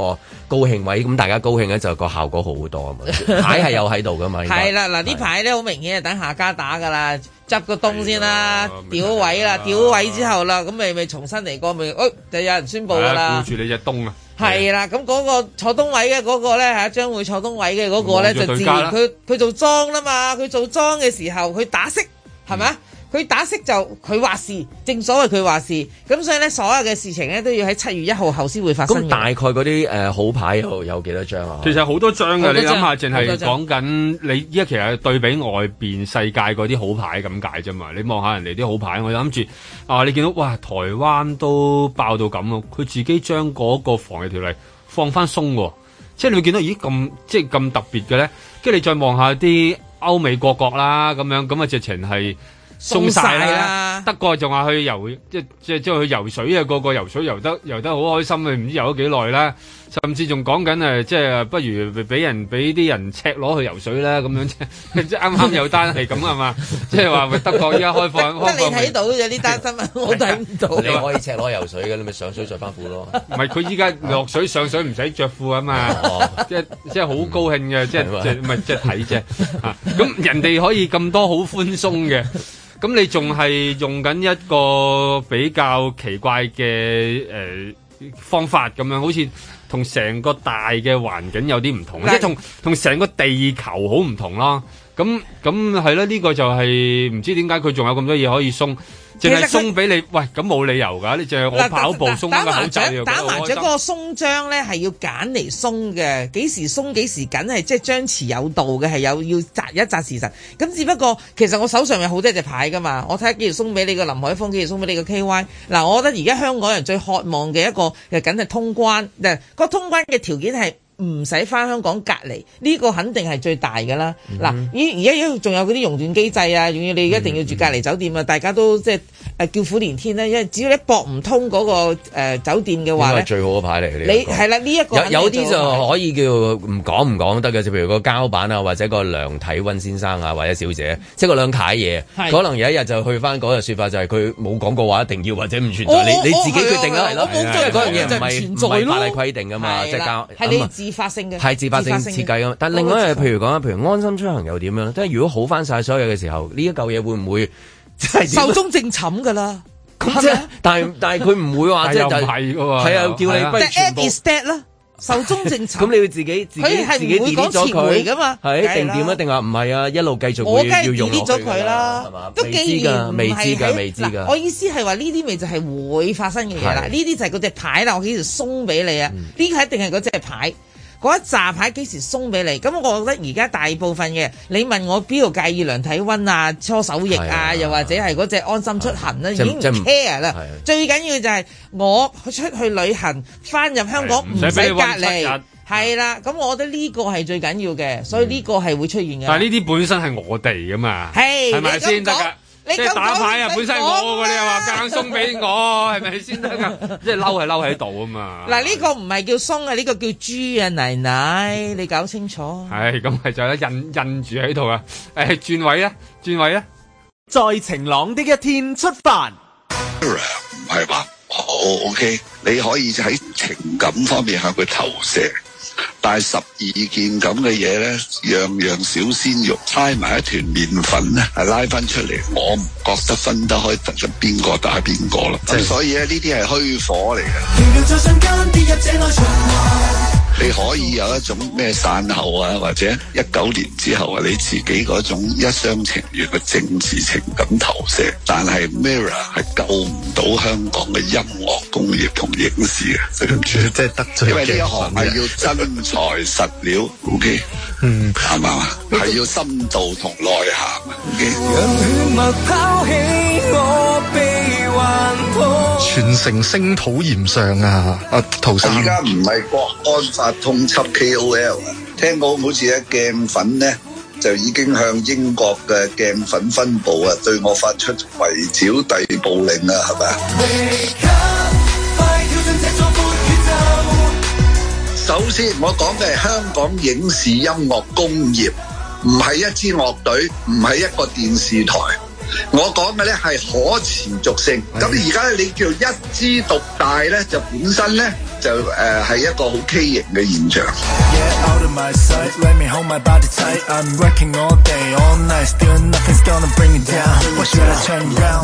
高興位，咁大家高興咧就個效果好好多 啊嘛！牌係有喺度噶嘛？係啦，嗱呢排咧好明顯係等下家打噶啦，執個東先啦，調、啊、位啦，調、啊、位之後啦，咁咪咪重新嚟過，咪誒、哎、就有人宣佈啦。顧住你隻東啊！係啦，咁、那、嗰個坐東位嘅嗰個呢，吓，將會坐東位嘅嗰個呢，就自然，佢佢做莊啦嘛，佢做莊嘅時候佢打色係咪？是佢打骰就佢話事，正所謂佢話事咁，所以咧，所有嘅事情咧都要喺七月一號後先會發生。咁大概嗰啲誒好牌有有幾多張啊？其實好多張㗎。你諗下，淨係講緊你依家其實對比外邊世界嗰啲好牌咁解啫嘛。你望下人哋啲好牌，我諗住啊，你見到哇，台灣都爆到咁，佢自己將嗰個防疫條例放翻鬆喎，即係你會見到咦咁即係咁特別嘅咧。跟住你再望下啲歐美國國啦，咁樣咁啊，直情係。送曬啦！德國仲話去游，即即即去游水啊！個個游水游得游得好開心啊！唔知游咗幾耐啦，甚至仲講緊誒，即不如俾人俾啲人赤裸去游水啦咁樣，即啱啱有單係咁啊嘛！即話會德國依家開放開放。不過你睇到嘅呢單新聞，我睇唔到。你可以赤裸游水嘅，你咪上水著翻褲咯。唔係佢依家落水上水唔使著褲啊嘛，即即係好高興嘅，即即唔係即睇啫嚇。咁人哋可以咁多好寬鬆嘅。咁你仲係用緊一個比較奇怪嘅、呃、方法咁樣，好似同成個大嘅環境有啲唔同，即係同同成個地球好唔同囉。咁咁係啦，呢、這個就係、是、唔知點解佢仲有咁多嘢可以鬆。其實鬆俾你，喂，咁冇理由噶，你淨係我跑步鬆啦，好走嘅。打麻雀，打麻雀嗰個鬆張咧係要揀嚟鬆嘅，幾時鬆幾時緊，緊係即係張弛有度嘅，係有要紮一紮事實。咁只不過，其實我手上有好多隻牌噶嘛，我睇下幾時鬆俾你個林海峰，幾時鬆俾你個 K Y、啊。嗱，我覺得而家香港人最渴望嘅一個，就梗係通關。嗱、啊，個通關嘅條件係。唔使翻香港隔離，呢、呢個肯定係最大噶啦。嗱、嗯，依而家仲有嗰啲熔斷機制啊，仲要你一定要住隔離酒店啊，大家都即係叫苦連天啦、啊那個呃，因為只要你搏唔通嗰個酒店嘅話係最好嘅牌嚟。你係啦，呢一個有啲就可以叫唔講唔講得嘅，就譬如個膠板啊，或者個量體溫先生啊，或者小姐，即係兩兩攤嘢。可能有一日就去翻嗰日說法就係佢冇講過話一定要或者唔存在，哦哦你你自己決定咯，係咯。我即定嘛，自發性嘅，係自發性設計啊嘛？但另外一樣，譬如講，譬如，如安心出行又點樣？即係如果好返晒所有嘅時候，這個東西會會就是、呢一嚿嘢會唔會係壽終正寢噶啦？咁、 就是、但係但係佢唔會話即係就係，係啊，啊，叫你不如全部 dead 啦，壽終正寢。咁 你要自己自己自己跌咗佢噶嘛？定點一定話唔係啊？一路繼續我梗係 delete 咗佢啦，都未知未知噶，未知噶。我意思係話呢啲咪就係會發生嘅嘢啦。呢啲就係嗰隻牌啦，我幾時鬆俾你啊？呢、嗯、個一定係嗰隻牌。嗰一紮牌幾時鬆俾你？咁我覺得而家大部分嘅，你問我邊度介意量體溫啊、搓手液啊，啊，又或者係嗰隻安心出行啊，啊已經唔 care 啦、啊啊啊。最緊要就係我出去旅行，翻入香港唔使、啊、隔離，係啦。咁、啊啊、我覺得呢個係最緊要嘅，所以呢個係會出現嘅、嗯。但係呢啲本身係我哋噶嘛，係咪先得㗎？即係打牌啊，本身我嗰啲又話間鬆俾我，係咪先得噶？即係嬲係嬲喺度啊嘛。嗱，呢個唔係叫鬆啊，呢個叫豬啊，奶奶，你搞清楚。係，咁係就係印印住喺度啊。誒，轉位啊，轉位啊，在晴朗的一天出發。唔係吧？好 OK，你可以喺情感方面向佢投射。買十二件咁嘅嘢咧，樣樣小鮮肉，拉埋一團麵粉咧，係拉翻出嚟，我唔覺得分得開得出邊個打邊個啦。咁、即係、所以咧，呢啲係虛火嚟嘅。你可以有一種咩散後啊，或者一九年之後啊，你自己嗰種一廂情願嘅政治情感投射，但係 mirror 係救唔到香港嘅音樂工業同影視嘅，嗯嗯、即係得罪因為呢一行係要真材實料、嗯、OK，啱唔啱啊？係、嗯、要深度同內涵。Okay? 嗯嗯全城聲討炎上啊！阿陶生，而家唔係國安法通緝 KOL，聽講好似咧鏡粉咧就已經向英國嘅鏡粉分部啊，對我發出圍剿逮捕令啊，係咪啊？首先，我講嘅係香港影視音樂工業，唔係一支樂隊，唔係一個電視台。我講嘅咧係可持續性，咁而家你叫一枝獨大咧，就本身咧就誒係一個好畸形嘅現象。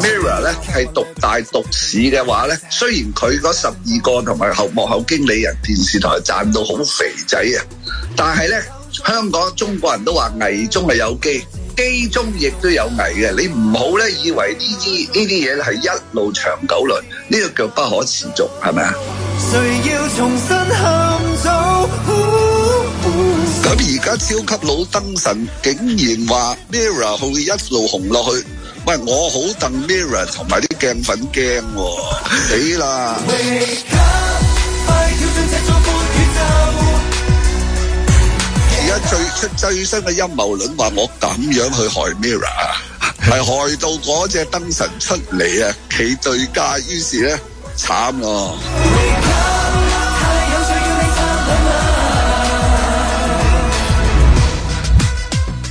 Mirror 咧係獨大獨市嘅話咧，雖然佢嗰十二個同埋後幕後經理人電視台賺到好肥仔啊，但係咧香港中國人都話危中係有機。機中亦都有危嘅，你唔好咧以為呢啲呢啲嘢係一路長久輪，呢個叫不可持續，係咪啊？咁而家超級佬燈神竟然話 Mirror 會一路紅落去，喂，我好鄧 Mirror 同埋啲鏡粉驚，死啦！最出最新嘅陰謀論話我咁樣去害 MIRROR，係害到嗰隻燈神出嚟啊！企對家於是咧，慘咯。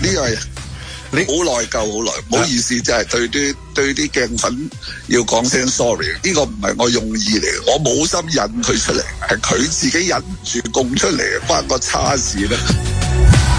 呢個係，你好內疚，好內，唔好意思，就係對啲對啲鏡粉要講聲 sorry。呢個唔係我用意嚟，我冇心引佢出嚟，係佢自己忍住供出嚟，關個差事啦。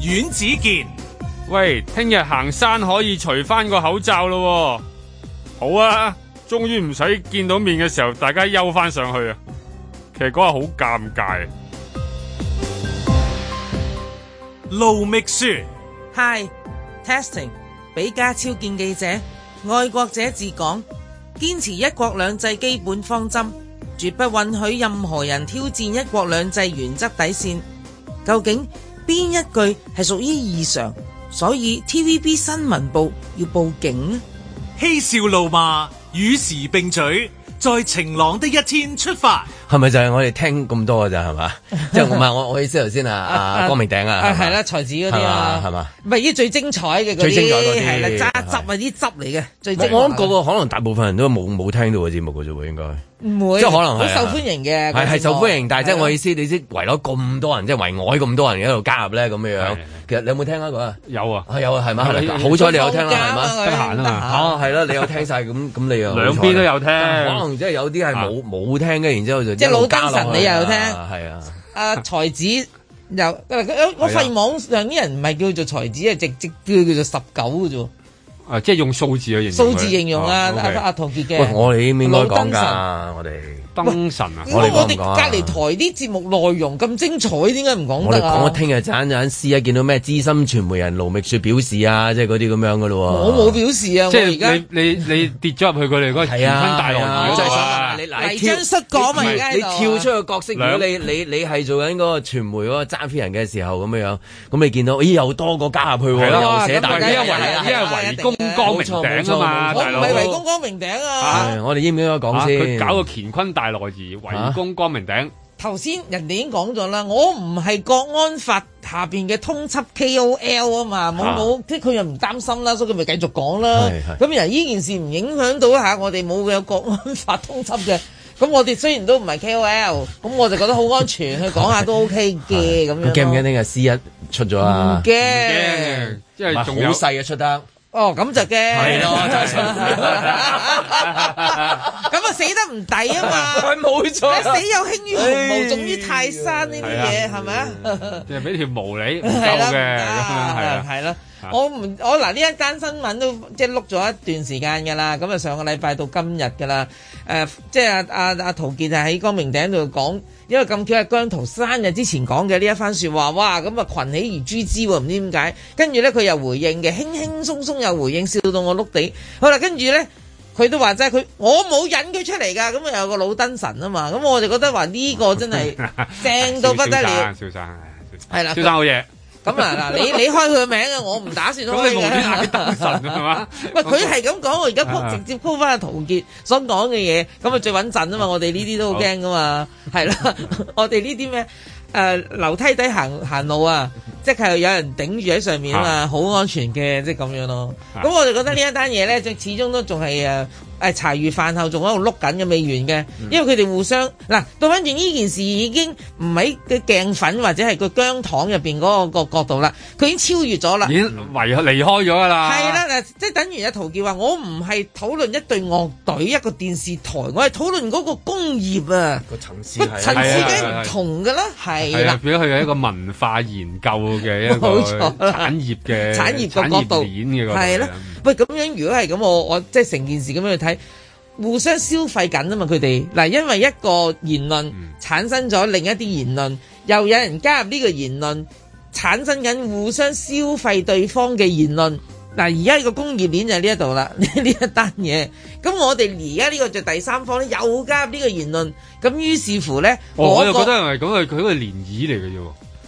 阮子健，喂，聽日行山可以除翻個口罩咯，好啊，終於唔使見到面嘅時候，大家休翻上去啊。其實嗰日好尷尬。路覓舒，Hi，Testing，俾家超見記者，愛國者治港，堅持一國兩制基本方針，絕不允許任何人挑戰一國兩制原則底線。究竟？邊一句係屬於異常，所以 TVB 新聞部要報警呢？嬉笑怒罵與時並取，在晴朗的一天出發，係咪就係我哋聽咁多嘅咋？係嘛？即係唔係我，我意思頭先 啊？啊，光明頂啊？係啦，才子嗰啲啊，係嘛？唔係最精彩嘅，最精彩啲係啦，揸汁啊，啲汁嚟嘅最精彩的。我諗、那個個可能大部分人都冇冇聽到嘅節目嘅啫會，應該。唔會，即係可能好、啊、受歡迎嘅，係係受歡迎。但係即係我意思，你知圍咗咁多人，即係圍外咁多人喺度加入咧，咁樣。其實你有冇聽、那個、有啊，啊？有啊，有啊，係嘛？好彩你有聽啦，係嘛？得閒啊，啊，係啦，你有聽晒，咁咁，你，有聽 你又 兩邊都有聽。有聽可能即係有啲係冇冇聽嘅，然之後就即係、就是、老燈神，你又有聽。係啊，阿、 啊、才子又，我發現網上啲人唔係叫做才子，係直直叫佢叫做十九嘅啫。誒、啊，即係用數字去形容數字形容啊，阿、啊、唐、okay 啊啊、杰嘅。喂，我哋應該講㗎，我哋燈神啊，我哋隔離台啲節目內容咁精彩，點解唔講？我哋講一聽日，陣陣試下見到咩資深傳媒人盧覓雪表示啊，即係嗰啲咁樣㗎咯喎。我冇表示啊，即係而家你你你跌咗入去佢哋嗰個乾坤大挪你嗱，你跳出個角色，如果你你你係做緊嗰個傳媒嗰、嗰個揸飛人嘅時候咁樣樣，咁你見到，咦、哎、又多個加下去喎，啊、又寫大，因為，因為係圍攻光明頂啊嘛，我唔係圍攻光明頂啊，我哋應唔應該講先，佢、啊、搞個乾坤大挪移，圍攻光明頂。啊。頭先人哋已經講咗啦，我唔係國安法下邊嘅通緝 K O L 啊嘛，冇冇即佢又唔擔心啦，所以佢咪繼續講啦。咁人呢件事唔影響到下我哋冇有，有國安法通緝嘅，咁我哋雖然都唔係 K O L，咁我就覺得好安全去講下都 OK 嘅咁樣。驚唔驚呢個 C 一出咗啊？唔驚，即係好細嘅出得。哦，咁就嘅，係咯，就係咁，咁啊死得唔抵啊嘛，佢冇錯，死又輕於鴻毛，重於泰山呢啲嘢，係咪啊？即係俾條毛你，唔走嘅，係啦，係啦，我唔，我嗱呢一單新聞都即係碌咗一段時間噶啦，咁啊上個禮拜到今日噶啦，誒，即係阿阿阿陶傑係喺光明頂度講。因為咁巧，姜濤生日之前講嘅呢一番説話，哇咁啊群起而諸誅之喎，唔知點解。跟住咧佢又回應嘅，輕輕鬆鬆又回應，笑到我碌地。好啦，跟住咧佢都話齋，係佢我冇引佢出嚟㗎。咁啊有個老燈神啊嘛，咁我就覺得話呢個真係正到不得了。 笑小，小生，小係啦，小生好嘢。咁啊嗱，你你開佢個名嘅，我唔打算開嘅。嘛？喂、 啊，佢係咁講，我而家鋪直接鋪翻阿陶傑所講嘅嘢，咁 咪最穩陣啊嘛！我哋呢啲都好驚噶嘛，係 啦，我哋呢啲咩誒樓梯底行行路啊，即係有人頂住喺上面啊嘛，好 安全嘅，即係咁樣咯。咁我就覺得一呢一單嘢咧，即係始終都仲係誒。啊誒茶餘飯後仲喺度碌緊嘅未完嘅，因為佢哋互相嗱到、嗯啊、反轉呢件事已經唔喺個鏡粉或者係個薑糖入面嗰個角度啦，佢已經超越咗啦，已經離離開咗噶啦。係啦，即係等於阿陶傑話，我唔係討論一對樂隊一個電視台，我係討論嗰個工業啊個層次、啊，個層次梗係唔同㗎啦。係啦，變咗佢有一個文化研究嘅冇錯產業嘅產業嘅角度，係啦。喂，咁樣如果係咁，我我即係成件事咁樣去睇。互相消費緊啊嘛，佢哋嗱，因為一個言論產生咗另一啲言論，又有人加入呢個言論，產生緊互相消費對方嘅言論。嗱，而家呢個工業鏈就係呢 一度啦，呢一單嘢。咁我哋而家呢個就第三方咧，又加入呢個言論，咁於是乎咧、哦，我又覺得係咁啊，佢係漣漪嚟嘅啫。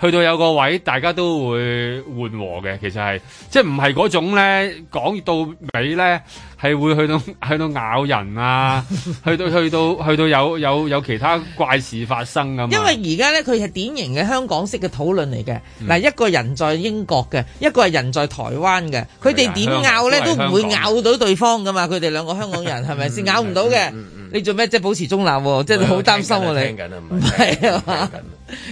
去到有個位，大家都會緩和嘅。其實係即係唔係嗰種咧，講到尾咧係會去到去到咬人啊， 去到去到去到有有有其他怪事發生咁。因為而家咧，佢係典型嘅香港式嘅討論嚟嘅。嗱、嗯，一個人在英國嘅，一個係人在台灣嘅，佢哋點咬咧都唔會咬到對方噶嘛。佢哋兩個香港人係咪先咬唔到嘅、嗯嗯嗯？你做咩即係保持中立、啊？即係好擔心、啊、你。啊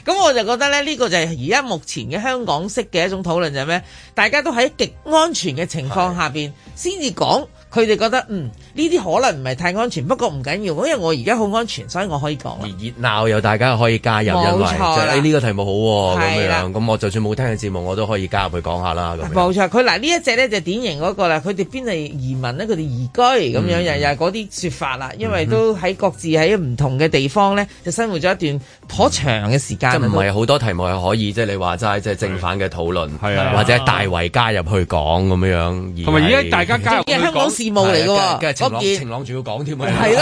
咁我就覺得呢，呢個就係而家目前嘅香港式嘅一種討論就係咩？大家都喺極安全嘅情況下面，先至講。佢哋覺得嗯呢啲可能唔係太安全，不過唔緊要，因為我而家好安全，所以我可以講而熱鬧又大家可以加入，因為呢、就是哎這個題目好喎、啊，咁咁我就算冇聽嘅節目，我都可以加入去講下啦。冇錯，佢嗱呢一隻呢就典型嗰、那個啦。佢哋邊係移民呢？佢哋移居咁樣，日日嗰啲說法啦。因為都喺各自喺唔同嘅地方呢，就生活咗一段頗長嘅時間。即唔係好多題目係可以即係、就是、你話齋即係正反嘅討論、啊，或者大圍加入去講咁樣。同埋而家大家加入，香港。字幕嚟嘅，我、啊、朗仲要講添係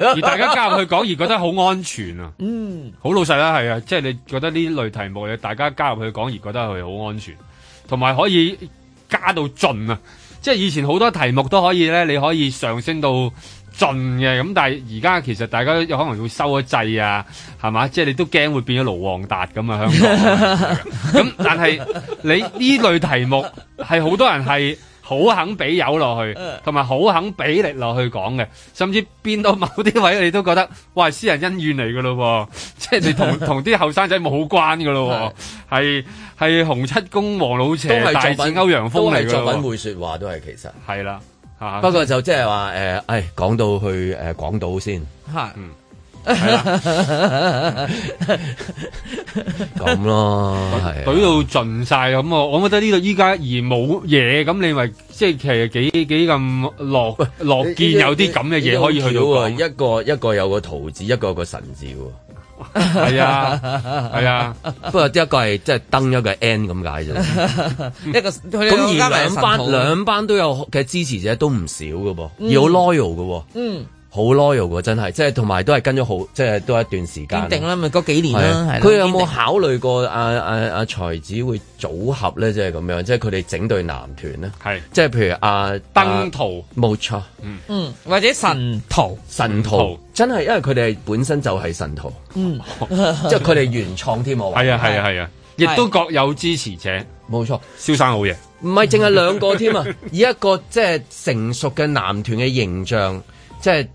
而大家加入去講，而覺得好安全啊。嗯，好老實啦，係啊，即係你覺得呢類題目，大家加入去講，而覺得佢好安全，同埋可以加到盡啊。即係以前好多題目都可以咧，你可以上升到盡嘅。咁但係而家其實大家有可能會收咗掣啊，係嘛？即係你都驚會變咗盧旺達咁啊，香港。咁 但係你呢類題目係好 多人係。好肯俾油落去，同埋好肯俾力落去講嘅，甚至變到某啲位你都覺得，哇！私人恩怨嚟噶咯，即係你同同啲後生仔冇好關噶咯，係 係洪七公黃老邪都作品大字歐陽鋒嚟噶，作品會說話都係其實係啦，吓，不過就即係話誒，誒、呃、講、哎、到去誒廣島先，嗯。 係啦、啊，咁 咯，係舉到盡晒咁我，我覺得呢度依家而冇嘢，咁你咪即係其實幾幾咁樂樂見有啲咁嘅嘢可以去到，、欸欸欸欸欸欸以去到。一個一個有個桃字，一個有個神字，係啊係啊， 啊啊 不過一個係即係登一個 N 咁解咋？ 一個咁而家兩班兩班都有嘅支持者都唔少噶噃，有 loyal 噶，嗯。好 loyal，真係，即係同埋都係跟咗好，即係都一段時間。定啦，咪、就、嗰、是、幾年啦。佢有冇考慮過阿啊阿、啊啊啊啊、才子會組合咧？即係咁樣，即係佢哋整隊男團咧。即係譬如阿、啊、登徒，冇、啊、錯，嗯或者神徒，神徒、嗯、真係，因為佢哋本身就係神徒，嗯，即係佢哋原創添喎。係啊，係啊，係啊，亦、啊、都各有支持者，冇錯。蕭生好嘢，唔係淨係兩個添啊， 以一個即係、就是、成熟嘅男團嘅形象，即係。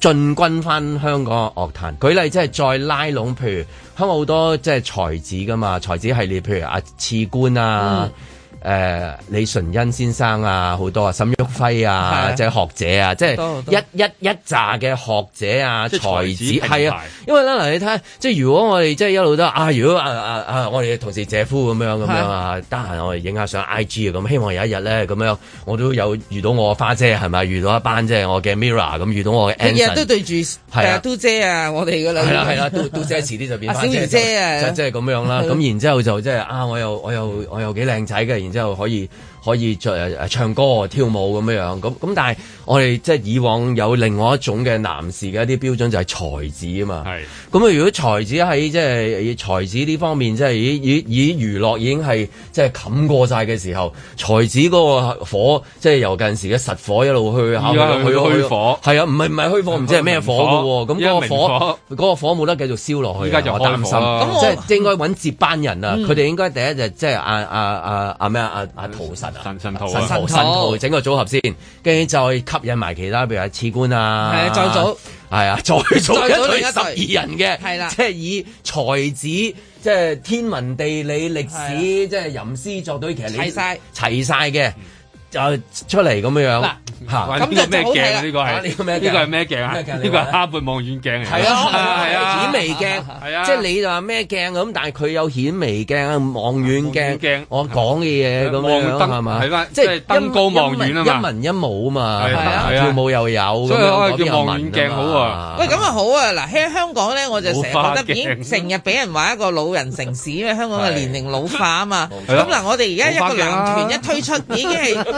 進軍翻香港樂壇，舉例即係再拉攏，譬如香港好多，即係才子㗎嘛，才子系列，譬如阿、啊、次官啊。嗯誒、呃、李純恩先生啊，好多啊，沈旭輝啊，即係、啊就是學，啊就是、學者啊，即係一一一揸嘅學者啊，才子係啊，因為咧嗱，你睇下即係如果我哋即係一路都啊，如果啊啊啊，我哋同事姐夫咁樣咁樣啊，得閒我哋影下相 I G 啊，咁希望有一日咧咁樣，我都有遇到我花姐係咪？遇到一班即係、就是、我嘅 Mirror 咁，遇到我嘅，日日都對住係啊，uh, 都姐啊，我哋噶啦，係啦係啦，都都姐，遲啲就變花姐，即係咁樣啦。咁、啊啊、然之後就即係啊，我又我又我又幾靚仔嘅。然之後可以。可以著誒唱歌跳舞咁樣樣，咁咁但係我哋即係以往有另外一種嘅男士嘅一啲標準就係才子啊嘛。係咁啊！如果才子喺即係才子呢方面，即、就、係、是、以以以娛樂已經係即係冚過晒嘅時候，才子嗰個火即係、就是、由近時嘅實火一路去、嗯、去，去火、啊、虛火。係啊，唔係唔係虛火，唔知係咩火嘅喎。咁嗰個火嗰個火冇得繼續燒落去。而家就我擔心，我即係應該揾接班人啊！佢、嗯、哋應該第一就即係阿阿阿阿咩啊阿阿、啊啊啊啊啊啊啊啊、陶實。神神徒啊！神神徒，整個組合先，跟住再吸引埋其他，譬如係刺官啊，係再組，係啊再組一隊十二人嘅，係啦，即係、就是、以才子，即、就、係、是、天文地理歷史，即係吟詩作對，其實齊晒齊晒嘅。就出嚟咁樣樣，嚇咁就咩鏡？呢個係呢個咩鏡？呢個係咩鏡啊？呢個哈勃望遠鏡嚟，係啊係啊，顯微鏡係啊，即係你話咩鏡咁？但係佢有顯微鏡、望遠鏡，我講嘅嘢咁樣樣係嘛？係啦，即係登高望遠啊嘛，一文一武啊嘛，係啊，跳舞又有，所以我係叫望遠鏡好啊。喂，咁啊好啊嗱，喺香港咧，我就成日覺得已經成日俾人話一個老人城市，因為香港嘅年齡老化啊嘛。咁嗱，我哋而家一個兩團一推出，已經係。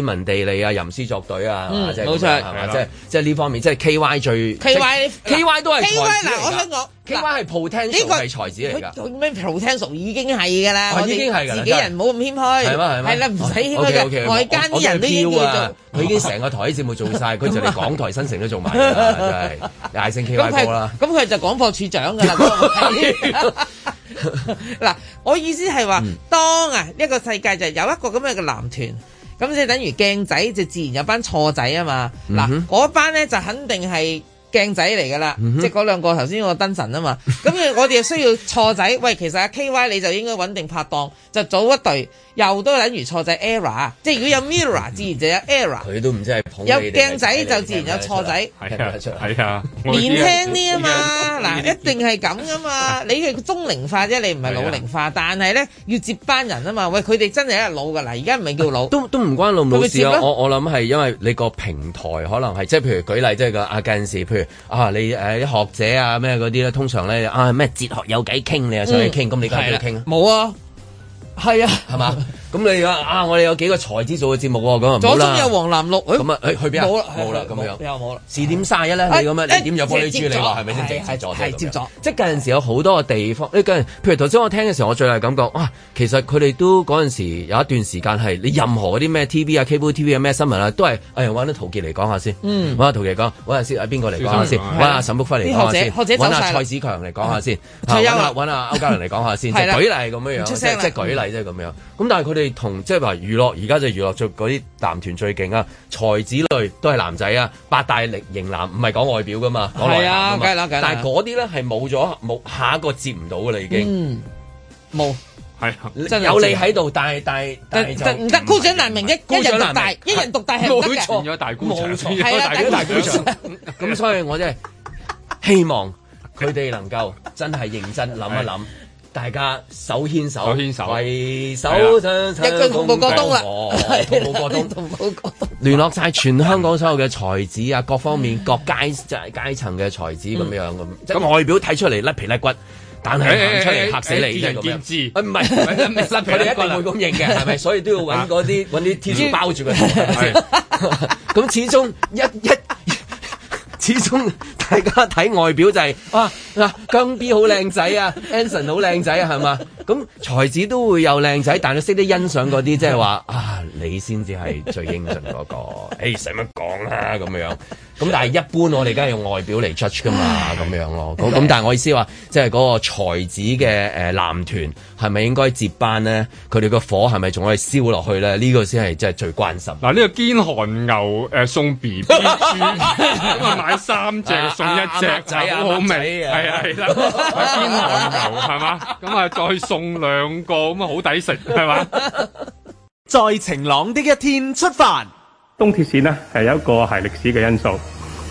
天文地理啊，吟詩作對啊，冇錯，係嘛，即係即係呢方面，即係 K Y 最 K Y K Y 都係 K Y 嗱，我想講 K Y 係 potential 呢個係才子嚟噶。咩 potential 已經係噶啦，已經係，自己人冇咁謙虛係嘛係嘛，係啦唔使謙虛嘅，外間啲人都要啊，佢已經成個台節目做晒，佢就連港台新城都做埋啦，真係大聲 K Y 哥啦。咁佢就廣播處長噶啦。嗱，我意思係話，當啊一個世界就有一個咁樣嘅男團。咁即係等於鏡仔就自然有一班錯仔啊嘛，嗱、嗯、嗰班呢就肯定係。鏡仔嚟噶啦，即係嗰兩個頭先個燈神啊嘛，咁我哋又需要錯仔。喂，其實阿 K Y 你就應該穩定拍檔，就組一隊又都等於錯仔 error，即係如果有 mirror，自然就有 error。佢都唔知係捧你定？有鏡仔就自然有錯仔。係啊，係啊，年輕啲啊嘛，嗱，一定係咁噶嘛。你係中齡化啫，你唔係老年化，但係咧要接班人啊嘛。喂，佢哋真係一日老噶啦，而家唔係叫老。都都唔關老唔老事啊。我我諗係因為你個平台可能係即係譬如舉例即係個 agency，譬如。啊，你誒啲、啊、學者啊咩嗰啲咧，通常咧啊咩哲學有偈傾，你又想去傾，咁、嗯、你介唔介意傾啊？冇啊，係啊，係嘛？ 咁、嗯、你啊啊！我哋有幾個才子做嘅節目喎，咁啊唔左有黃藍綠，咁、欸、啊、欸，去邊啊？冇啦，冇啦，咁樣冇啦。時點一咧？你咁樣你點有玻璃珠你、欸、啊？係咪先接即係接左。即係近陣時有好多個地方，你嗰陣，譬如頭先我聽嘅時候，我最大感覺啊，其實佢哋都嗰陣時有一段時間係你任何嗰啲咩 TV 啊、cable TV 啊咩新聞啊，都係呀，揾、欸、啲陶傑嚟講下先。嗯。揾陶傑講，揾下先啊，邊個嚟講下先？揾阿沈福輝嚟講下先。學者學者走揾阿蔡子強嚟講下先。蔡優。揾阿歐嘉良嚟講下先。舉例咁樣。出聲。即係你同即係話娛樂，而家就娛樂嗰啲男團最勁啊！才子類都係男仔啊！八大力型男唔係講外表噶嘛，係啊，梗啦，梗係啦，但係嗰啲咧係冇咗，冇下一個接唔到噶啦，已經冇係啊！嗯有，嗯、真有你喺度，但係但係唔得，孤掌難鳴嘅，一人獨大，一人獨大係冇錯咗大孤掌、哦，大孤掌。咁、啊 嗯、所以我真係希望佢哋能夠真係認真諗一諗。 大家手牽手，手牽手，為手，一句同步過冬啦，同步、喔、冬，同步過聯絡晒全香港所有嘅才子啊，嗯，各方面各階階層嘅才子咁樣咁，嗯、外表睇出嚟甩皮甩骨，但係行出嚟嚇死你咁唔係，甩、哎哎哎啊啊，皮一定會咁認嘅，係咪？所以都要搵嗰啲搵啲天使包住佢。咁始終一一。 始終大家睇外表就係、是，啊，啊姜 B 好靚仔啊，Anson 好靚仔啊，係 嘛？咁才子都會有靚仔，但係識得欣賞嗰啲，即係話啊，你先至係最英俊嗰、嗰個。誒、欸，使乜講啦咁樣？咁但係一般我哋梗係用外表嚟 judge 㗎嘛，咁樣咯。咁但係我意思話、就是，即係嗰個才子嘅、呃、男團係咪應該接班呢？佢哋個火係咪仲可以燒落去呢？呢、呢個先係即係最關心。嗱，呢個煎韓牛、呃、送 B B 豬，咁啊買三隻送一,一隻，啊啊、仔，啊、仔好味，係啊係啦，煎、啊啊 嗯、韓牛係嘛？咁啊 再送。用兩個咁啊，好抵食係嘛。在 晴朗的一天出發，行東鐵綫呢，係有一個係歷史嘅因素，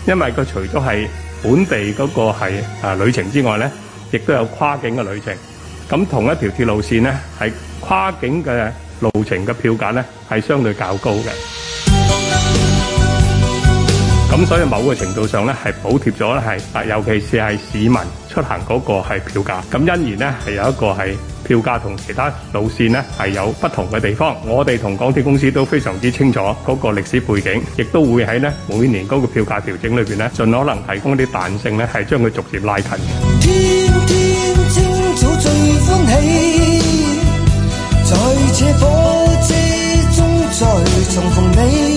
因為佢除咗係本地嗰個係啊、呃、旅程之外呢，亦都有跨境嘅旅程。咁同一條鐵路綫呢，係跨境嘅路程嘅票價呢係相對較高嘅。咁所以某個程度上呢，係補貼咗呢係尤其是係市民出行嗰個係票價。咁因而呢，係有一個係票價同其他路線呢，係有不同嘅地方。我哋同港鐵公司都非常之清楚嗰個歷史背景，亦都會喺呢每年嗰個票價調整裏面呢，盡可能提供啲彈性呢係將佢逐漸拉近。天天清早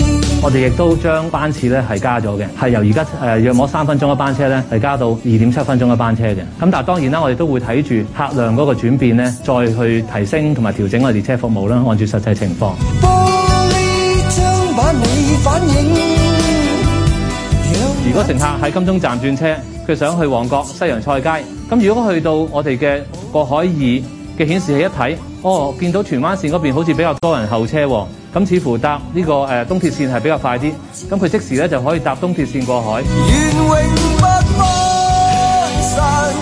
我哋亦都將班次咧係加咗嘅，係由而家誒約莫三分鐘一班車呢係加到二點七分鐘一班車嘅。咁但係當然啦，我哋都會睇住客量嗰個轉變呢，再去提升同埋調整我哋列車服務啦，按住實際情況。如果乘客喺金鐘站轉車，佢想去旺角西洋菜街，咁如果去到我哋嘅過海二嘅顯示器一睇，哦，見到荃灣線嗰邊好似比較多人候車，哦。咁似乎搭呢個東鐵線係比較快啲，咁佢即時呢就可以搭東鐵線過海。三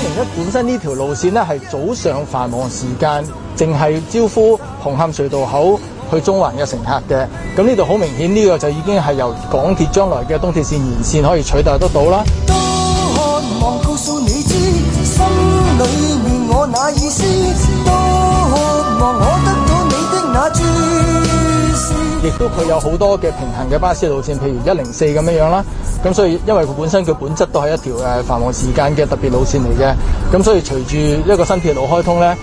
零一本身呢條路線呢，係早上繁忙時間，淨係招呼紅磡隧道口。去中環嘅乘客嘅，咁呢度好明顯呢個就已經係由港鐵將來嘅東鐵線延線可以取代得到啦。多渴望告訴你知，心裏面我那意思，多渴望我得到你的那亦都佢有好多嘅平行嘅巴士路線，譬如一零四咁樣樣啦。咁所以因為佢本身佢本質都係一條誒繁忙時間嘅特別路線嚟嘅。咁所以隨住一個新鐵路開通咧，呢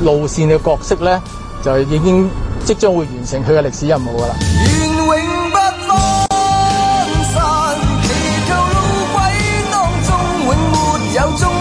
條路線嘅角色咧就係已經。即將會完成佢嘅歷史任務喇，願永不分散，祈求路軌當中永沒有終。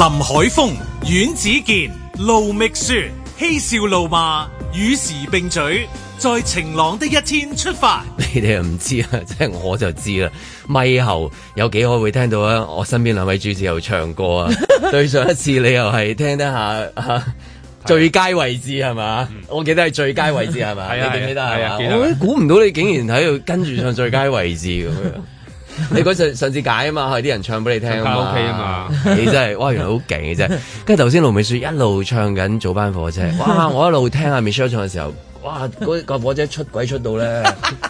林海峰、阮子健、盧覓雪嬉笑怒罵，與時並舉，在晴朗的一天出發。你哋又唔知啊，即係我就知啦。咪後有幾可會聽到啊？我身邊兩位主持又唱歌啊。 對上一次你又係聽得下、 啊、最佳位置係咪？我記得係最佳位置係咪？你記唔記得啊？啊啊啊記得我估唔到你竟然喺度跟住唱最佳位置咁樣。 你嗰陣上次解啊嘛，啲人唱俾你聽啊嘛，OK 啊嘛，你真係哇，原來好勁嘅啫。跟住頭先盧美雪一路唱緊早班火車，哇！我一路聽阿 Michelle 唱嘅時候，哇！嗰個火車出軌出到咧。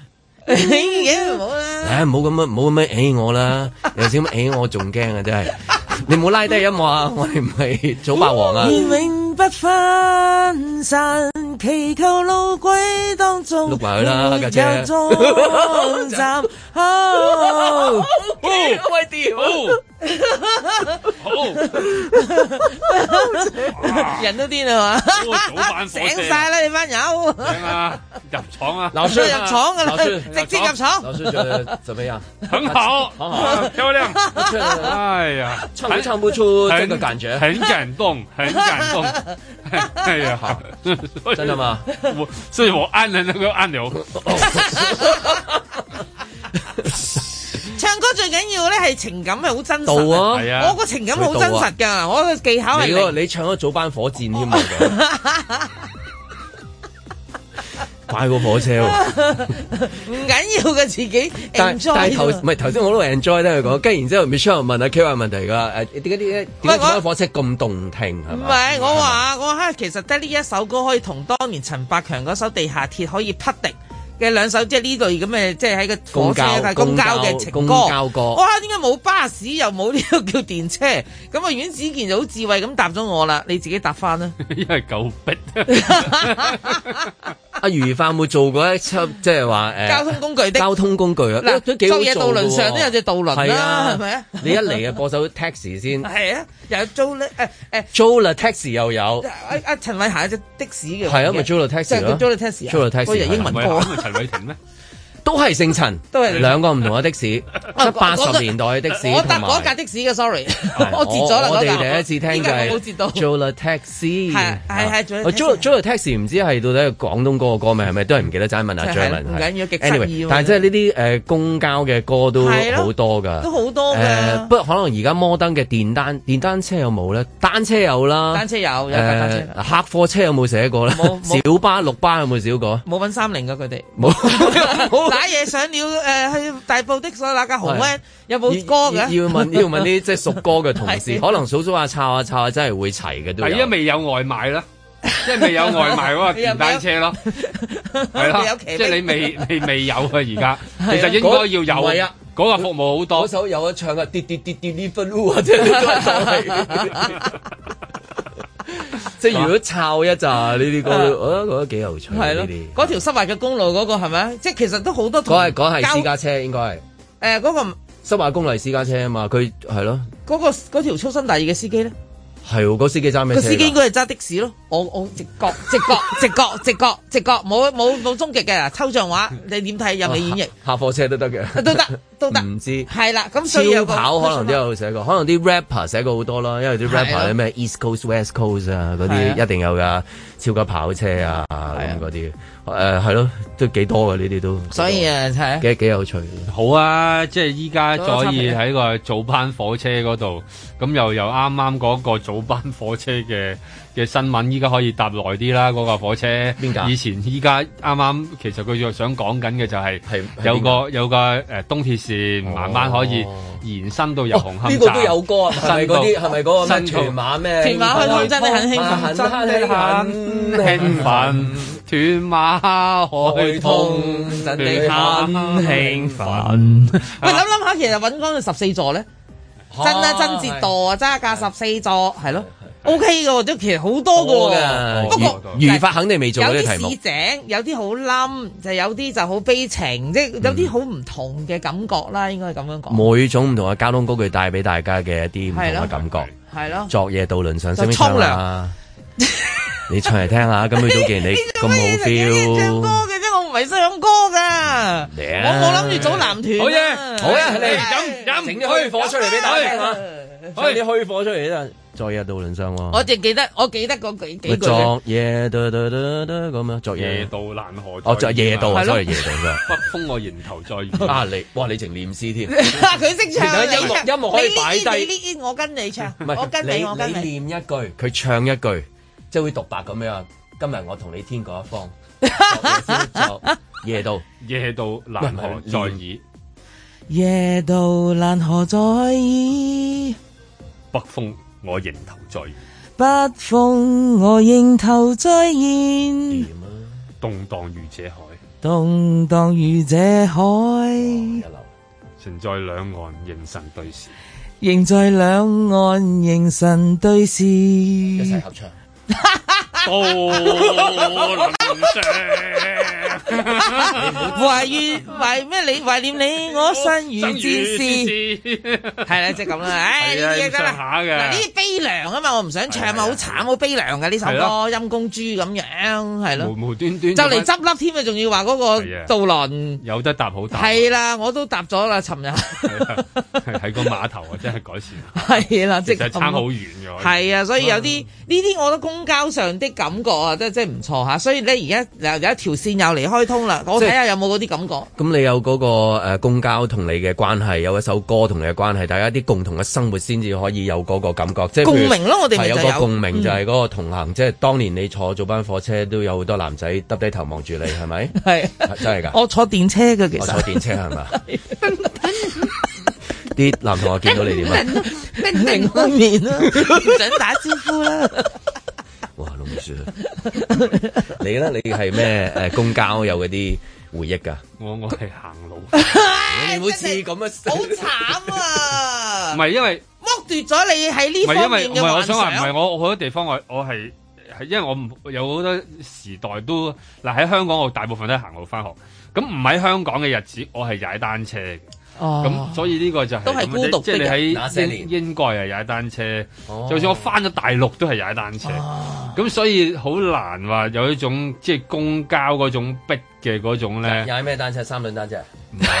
唔好啦！唉，唔好咁樣，唔好咁樣，哎 我啦，有點解我仲驚啊？真係，你唔好拉低音樂啊。 我哋唔係祖八王啊？ 不分散，祈求路軌當中，有終點。好、嗯哦哦哦哦哦哦哦，人都癲了嘛、啊啊？醒晒啦，你班友。醒啊！入廠啊！老師，入廠噶啦，直接入廠。老師覺得怎麼樣？很好，啊、很好、啊，漂亮。哎呀，唱還唱不出真嘅感覺很，很感動，很感動。哎呀，真的嘛嗎？我所以，我按你那個按鈕。唱歌最緊要咧，係情感係好真實。啊，係啊，我個情感好真實噶、啊，我個、啊、技巧係你，你唱咗早班火箭添、哦 快過火車，唔緊要噶，自己 但。但但頭唔係頭先我都 enjoy 咧，佢講，跟住然之後，Michelle 又問阿 k e 問題噶，誒、啊，點解啲點解火車咁動聽？唔係，我話我其實得呢一首歌可以同當年陳百強嗰首《地下鐵》可以匹敵嘅兩首，即係呢類咁嘅，即係喺個火車、公交嘅公交情歌。哇，點解冇巴士又冇呢個叫電車？咁、嗯、啊，阮子健就好智慧咁答咗我啦，你自己答翻啦。因為夠逼。阿余帆有冇做過一輯，即係話誒，交通工具的、欸、交通工具啊，做嘢渡輪上都有隻渡輪啦，係咪啊？你一嚟啊，播首 taxi 先，係啊，又有 j o 咧，誒誒，租啦 taxi 又有，阿陳偉霆隻的士嘅，係啊，咪、就是、j o taxi 咯，taxi、啊啊、英文好，陳偉霆咩？都係姓陳，都係兩個唔同嘅的，的士。八、哦、十年代的，的士，嗰個、我搭架、嗰個、的士嘅，sorry，我截咗啦。我哋第一次聽就係冇截到，做啦 taxi，係係係做。我做做 taxi，唔知係到底廣東歌嘅、anyway, 呃、歌名係咪？都係唔記得齋問啊，但係即係呢啲誒公交嘅歌都好多噶，都好多嘅。不過可能而家摩登嘅電單電單車有冇咧？單車有啦，單車有。誒、呃呃，客貨車有冇寫過咧？小巴綠巴有冇寫過？冇搵三菱噶佢哋，冇。打嘢上了，誒去大埔的士那架豪 van 有冇歌嘅？要問要問啲即係熟歌嘅同事， 啊、可能數數下，抄啊、抄啊，啊啊真係會齊嘅都。係而家未有外賣啦， 即係未有外賣個電單車咯，係 咯、啊，即係你未 你未你未有啊！而家其實應該要有，嗰、啊那個服務好多。嗰首有我唱啊，跌跌跌跌跌分 即係如果抄一紮呢啲，我都覺得幾有趣。係咯，嗰條濕滑嘅公路嗰、那個係咪？即係其實都好多。講係講係私家車應該。誒、呃，嗰、那個濕滑公路係私家車啊嘛，佢係咯。嗰、那個條粗心大意嘅司機咧，係嗰、那個、司機揸咩車司機應該係揸的士咯。我我直覺直覺 直覺直覺直覺冇冇冇終極嘅。抽象畫你點睇？任你演繹、啊？下貨車都得嘅，都得。唔知係啦，咁超跑可能都有寫過，可能啲 rapper 寫過好多啦，因為啲 rapper 啲咩、啊、East Coast West Coast 啊嗰啲一定有噶，啊，超級跑車啊咁嗰啲，誒係咯，都幾多嘅呢啲都，所以啊，係幾幾有趣。好啊，即係依家可以喺個早班火車嗰度，咁又又啱啱嗰個早班火車嘅。嘅新聞依家可以搭耐啲啦，嗰、那、架、個、火車。以前依家啱啱，其實佢又想講緊嘅就係，有個有個誒東鐵線慢慢可以延伸到入紅磡。呢、哦哦這個都有歌，係咪嗰啲？係咪嗰個新，是是、那個、新屯馬咩？屯馬開通真係肯，肯興奮，真你肯興奮。屯馬開通真係很興奮。馬肯興奮肯興奮 喂，諗諗下，其實揾嗰個十四座呢？啊真啊真節度啊，真架十四座係咯。O K 嘅，都其實好多嘅。嗰個語法肯定未做。有啲市井，有啲好冧，就有啲就好悲情，即係有啲好唔同嘅感覺啦。應該咁樣講。每種唔同嘅交通工具帶俾大家嘅一啲唔同嘅感覺。係咯。昨夜渡輪上。就沖涼。你唱嚟聽下，咁樣都見你咁好 feel。唱歌嘅啫，我唔係唱歌噶我冇諗住組男團。好嘅，好嘅，嚟飲飲，整啲虛火出嚟俾大家。開啲虛火出嚟真係。昨夜到倫上，我淨記得我記得嗰句幾句。昨夜嘟嘟嘟嘟咁樣，昨夜到南河。哦，昨夜到，所以夜到嘅。北風我迎頭再遇。啊，你哇，你仲念詩添？佢識唱。音樂可以擺低，我跟你唱，我跟你，我跟你。你念一句，佢唱一句，即係會獨白咁樣。今日我同你天各一方。昨夜到，夜到南河在耳。夜到南河在耳。北風。我迎頭再現，北風。我迎頭再現、啊，動蕩如這海，動蕩如這海。哦、一流仍在兩岸凝神對視，仍在兩岸凝神對視。一齊合唱。哈哈哈哈哈，哈哈哈懷念懷咩？ 你懷念你我身如戰士。係啦，即係咁啦。哎，呢啲嘢噶啦。嗱，呢、啊、啲悲涼啊嘛，我唔想唱嘛，好慘，好悲涼嘅呢首歌。陰公豬咁樣，係咯。無端端就嚟執笠添啊！仲要話嗰個渡輪有得搭好大。係啦，我都搭咗啦，尋日喺個碼頭啊，真係改善。係啦，即、就、係、是、差好遠。係啊，所以有啲呢啲，嗯、我覺得公交上的感覺啊，真真唔錯下，所以咧，而家有一條線又嚟開通啦，我睇下有冇嗰啲感覺。咁你有嗰個誒公交同你嘅關係，有一首歌同你嘅關係，大家啲共同嘅生活先至可以有嗰個感覺，即係共鳴咯。我哋就有，有個共鳴，就係嗰個同行。嗯、即係當年你坐早班火車都有好多男仔耷低頭望住你，係咪？係， 係真係㗎。我坐電車嘅其實。我坐電車係嘛？啲男同學見到你點啊？面對面啦，唔想打招呼啦。哇，老鼠，你咧？你係咩？誒，公交有嗰啲回憶噶？我我係行路，你好似咁樣，好慘啊！唔係因爲剝奪咗你喺呢方面嘅幻想。唔係，我想話唔係，我好多地方我我係係，因爲我唔有好多時代都嗱喺香港，我大部分都係行路翻學。咁唔喺香港嘅日子，我係踩單車。咁、啊、所以呢個就係、是、都係孤獨的那些、就是、年。應該係踩單車、啊，就算我返咗大陸都係踩單車。咁、啊、所以好難話有一種即係、就是、公交嗰種逼嘅嗰種呢，踩咩單車？三輪單車？唔係，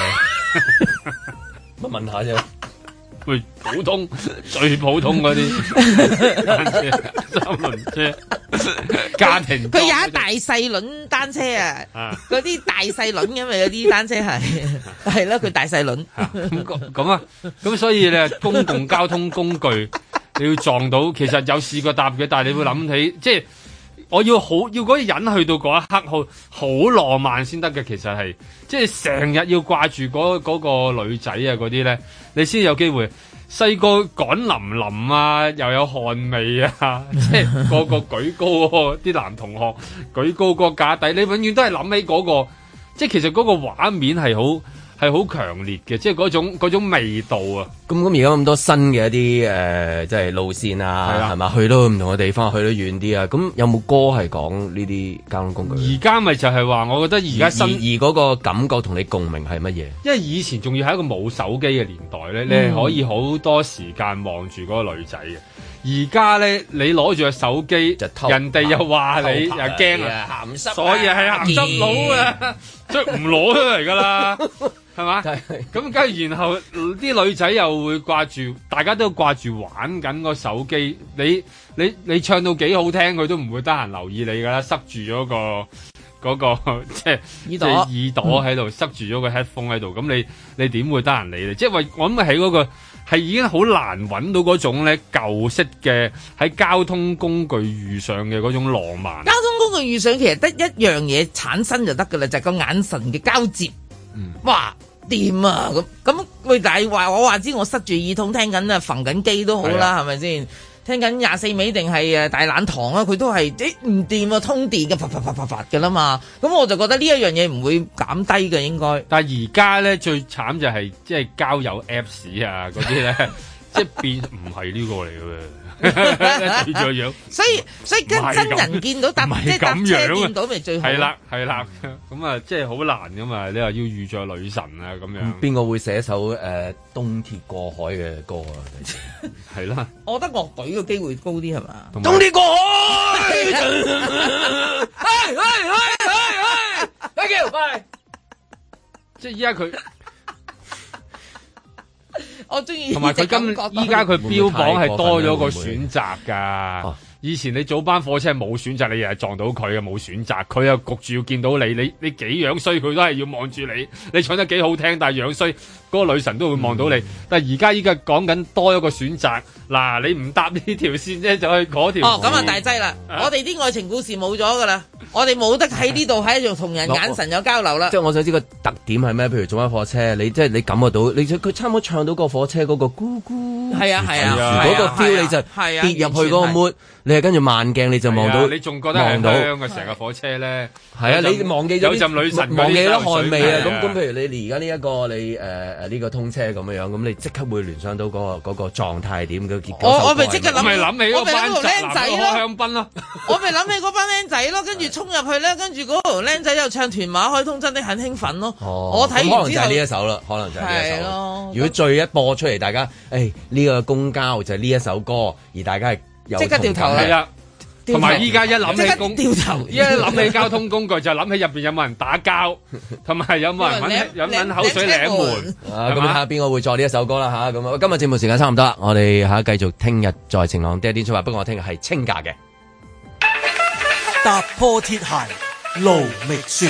乜 問下啫。喂，普通最普通嗰啲三輪車， 輪車 家庭佢有一大細輪單車， 單車 啊，嗰啲大細輪，因為有啲單車係係咯，佢大細輪咁咁啊，咁所以咧公共交通工具你要撞到，其實有試過搭嘅，但係你會諗起、嗯、即係。我要好要嗰個人去到嗰一刻好好浪漫先得嘅，其實係即係成日要掛住嗰嗰個女仔啊，嗰啲咧，你先有機會。細個趕淋淋啊，又有汗味啊，即係個個舉高啲 男同學舉高個架底，你永遠都係諗起嗰個，即係其實嗰個畫面係好。係好強烈嘅，即係嗰種嗰種味道啊！咁咁而家咁多新嘅一啲誒、呃，即係路線啊，係嘛、啊？去到唔同嘅地方，去得遠啲啊！咁有冇歌係講呢啲交通工具？而家咪就係話，我覺得而家新意嗰個感覺同你共鳴係乜嘢？因為以前仲要喺一個冇手機嘅年代咧，你係可以好多時間望住嗰個女仔啊。而家咧，你攞住個手機，就偷人哋又話你、啊、又驚，鹹濕，所以係鹹濕佬啊，所，色色所以唔攞出嚟㗎啦。 係嘛？咁跟住，然後啲女仔又會掛住，大家都掛住玩緊個手機。你你你唱到幾好聽，佢都唔會得閒留意你噶啦，塞住咗個嗰個即係即係耳朵喺度，塞住咗個 headphone 喺度。咁你你點會得閒理你？即係話，我諗喺嗰個係已經好難揾到嗰種咧舊式嘅喺交通工具遇上嘅嗰種浪漫。交通工具遇上其實得一樣嘢產生就得噶啦，就係個眼神嘅交接。嗯、哇掂啊，咁咁佢大話我話知我塞住耳筒聽緊啊，馴緊機都好啦，係咪先？聽緊廿四味定係誒大懶堂啊，佢都係即唔掂啊，通電嘅，啪啪啪啪啪嘅啦嘛。咁我就覺得呢一樣嘢唔會減低嘅應該。但係而家咧最慘就係即係交友 Apps 啊嗰啲咧， 即係變唔係呢個嚟嘅。 著樣 所以所以跟真人見到，即係咁樣,是樣、就是、見到咪最好。係啦係啦，咁啊即係好難噶嘛。你話要遇着女神啊咁樣。邊個會寫首誒《東、呃鐵,啊、鐵過海》嘅歌啊？係啦。我覺得樂隊嘅機會高啲係嘛？東鐵過海，係係係係係 thank you 係。即係依家佢。我中意呢種感覺，同埋佢今依家佢標榜係多咗個選擇㗎。會以前你早班火車冇選擇，你又係撞到佢嘅冇選擇，佢又焗住要見到你，你你幾樣衰佢都係要望住你。你唱得幾好聽，但係樣衰，嗰、那個嗰個女神都會望到你。嗯、但係而家依家講緊多一個選擇，嗱你唔搭呢條線啫，就去嗰條。哦，咁啊大劑啦！ 我哋啲愛情故事冇咗噶啦， 我哋冇得喺呢度喺度同人眼神有交流啦。即係我想知個特點係咩？譬如早班火車，你即係你感覺到，你佢差唔多唱到個火車嗰、嗰個咕咕，係啊係啊，嗰、啊啊啊嗰個 feel、啊啊、你就跌入去嗰個 mood。你係跟住慢鏡，你就望到，你仲覺得望到咁嘅成個火車咧？係啊，你忘記咗有陣女神，忘記咗汗味啊！咁咁，譬如你而家呢一個你誒誒呢個通車咁樣樣，咁你即刻會聯想到嗰個嗰個狀態點嘅結果。我我咪即刻諗，我咪諗起嗰班僆仔咯，香檳咯，我咪諗起嗰班僆仔咯，跟住衝入去咧，跟住嗰度僆仔又唱《團馬開通》，真的很興奮咯。我睇完之後，可能就係呢一首啦，可能就係呢一首。如果再一播出嚟，大家誒呢個公交就係呢一首歌，而大家係。即刻掉頭啦！同埋依家一諗起工，一諗起交通工具就諗起入邊有冇人打交，同埋有冇人搵搵口水舐門。咁下邊個會做呢一首歌啦吓，咁今日節目時間差唔多啦，我哋下繼續聽日再晴朗跌一啲出發，不過我聽日係請假嘅。踏破鐵鞋路未熟。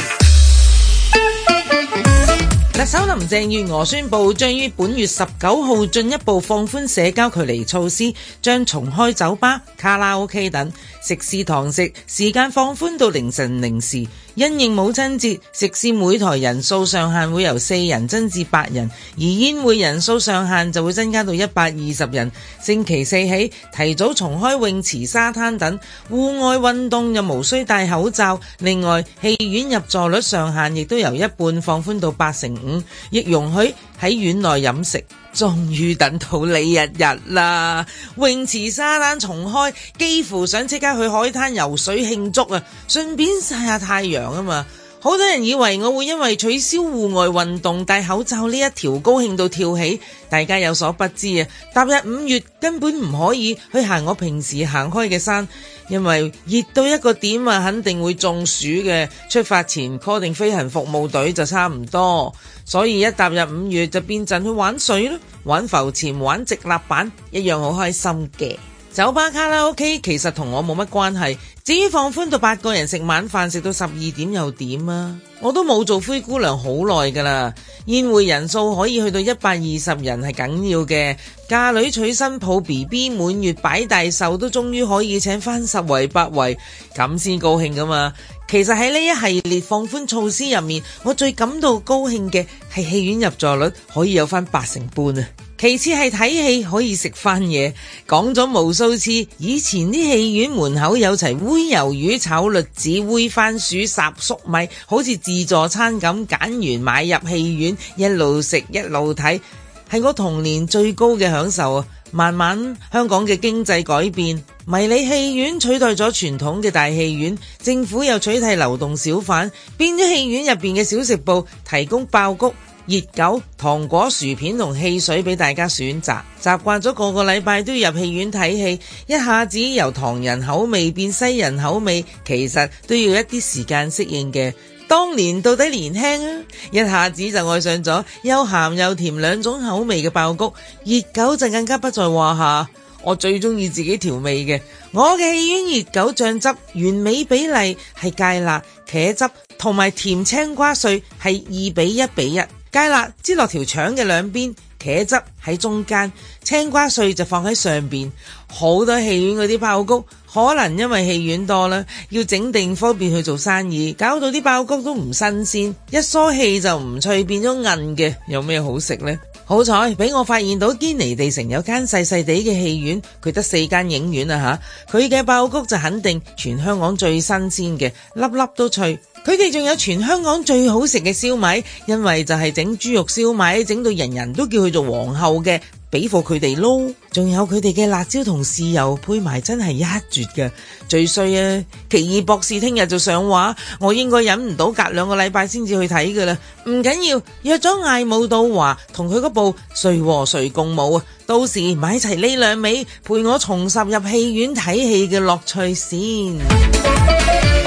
特首林鄭月娥宣布，將於本月十九號進一步放寬社交距離措施，將重開酒吧、卡拉 OK 等食肆堂食時間放寬到凌晨零時。因應母親節，食肆每台人數上限會由四人增至八人，而宴會人數上限就會增加到一百二十人。星期四起提早重開泳池、沙灘等戶外運動又無需戴口罩。另外，戲院入座率上限亦都由一半放寬到八成五，亦容許喺院內飲食。終於等到呢一日啦！泳池、沙灘重開，幾乎想即刻去海灘游水慶祝啊！順便曬下太陽啊嘛！好多人以為我會因為取消戶外運動、戴口罩呢一條高興到跳起，大家有所不知啊！踏入五月根本唔可以去行我平時行開嘅山，因為熱到一個點啊，肯定會中暑嘅。出發前 call 定飛行服務隊就差唔多。所以一踏入五月就變陣去玩水咯，玩浮潛、玩直立板，一樣好開心嘅。酒吧卡、卡拉 OK 其實同我冇乜關係。至於放寬到八個人食晚飯，食到十二點又點啊？我都冇做灰姑娘好耐噶啦。宴會人數可以去到一百二十人係緊要嘅。嫁女娶新抱、B B 滿月擺大壽都終於可以請翻十圍八圍，咁先高興噶嘛？其實喺呢一系列放寬措施入面，我最感到高興嘅係戲院入座率可以有翻八成半啊！其次係睇戲可以食翻嘢，講咗無數次。以前啲戲院門口有齊煨魷魚、炒栗子、煨番薯、霎粟米，好似自助餐咁，揀完買入戲院，一路食一路睇，係我童年最高嘅享受啊。慢慢香港嘅經濟改變，迷你戲院取代咗傳統嘅大戲院，政府又取締流動小販，變咗戲院入邊嘅小食部提供爆谷。熱狗、糖果、薯片同汽水俾大家選擇。習慣咗個個禮拜都要入戲院睇戲，一下子由唐人口味變西人口味，其實都要一啲時間適應嘅。當年到底年輕啊，一下子就愛上咗又鹹又甜兩種口味嘅爆谷，熱狗就更加不在話下。我最中意自己調味嘅，我嘅戲院熱狗醬汁完美比例係芥辣茄汁同埋甜青瓜碎係二比一比一。芥辣，擠落條腸嘅兩邊，茄汁喺中間，青瓜碎就放喺上面。好多戲院嗰啲爆谷，可能因為戲院多啦，要整定方便去做生意，搞到啲爆谷都唔新鮮，一梳氣就唔脆，變咗韌嘅，有咩好食呢？好彩畀我發現到堅尼地城有間細細地嘅戲院，佢得四間影院啊嚇，佢嘅爆谷就肯定全香港最新鮮嘅，粒粒都脆。.佢哋仲有全香港最好食嘅燒米，因為就係整豬肉燒米，整到人人都叫佢做皇后嘅，俾貨佢哋撈。仲有佢哋嘅辣椒同豉油配埋，真係一絕嘅。最衰啊，奇異博士聽日就上畫，我應該忍唔到隔兩，隔兩個禮拜先至去睇噶啦。唔緊要，約咗艾慕杜華同佢嗰部《誰和誰共舞》啊，到時買齊呢兩味，陪我重拾入戲院睇戲嘅樂趣先。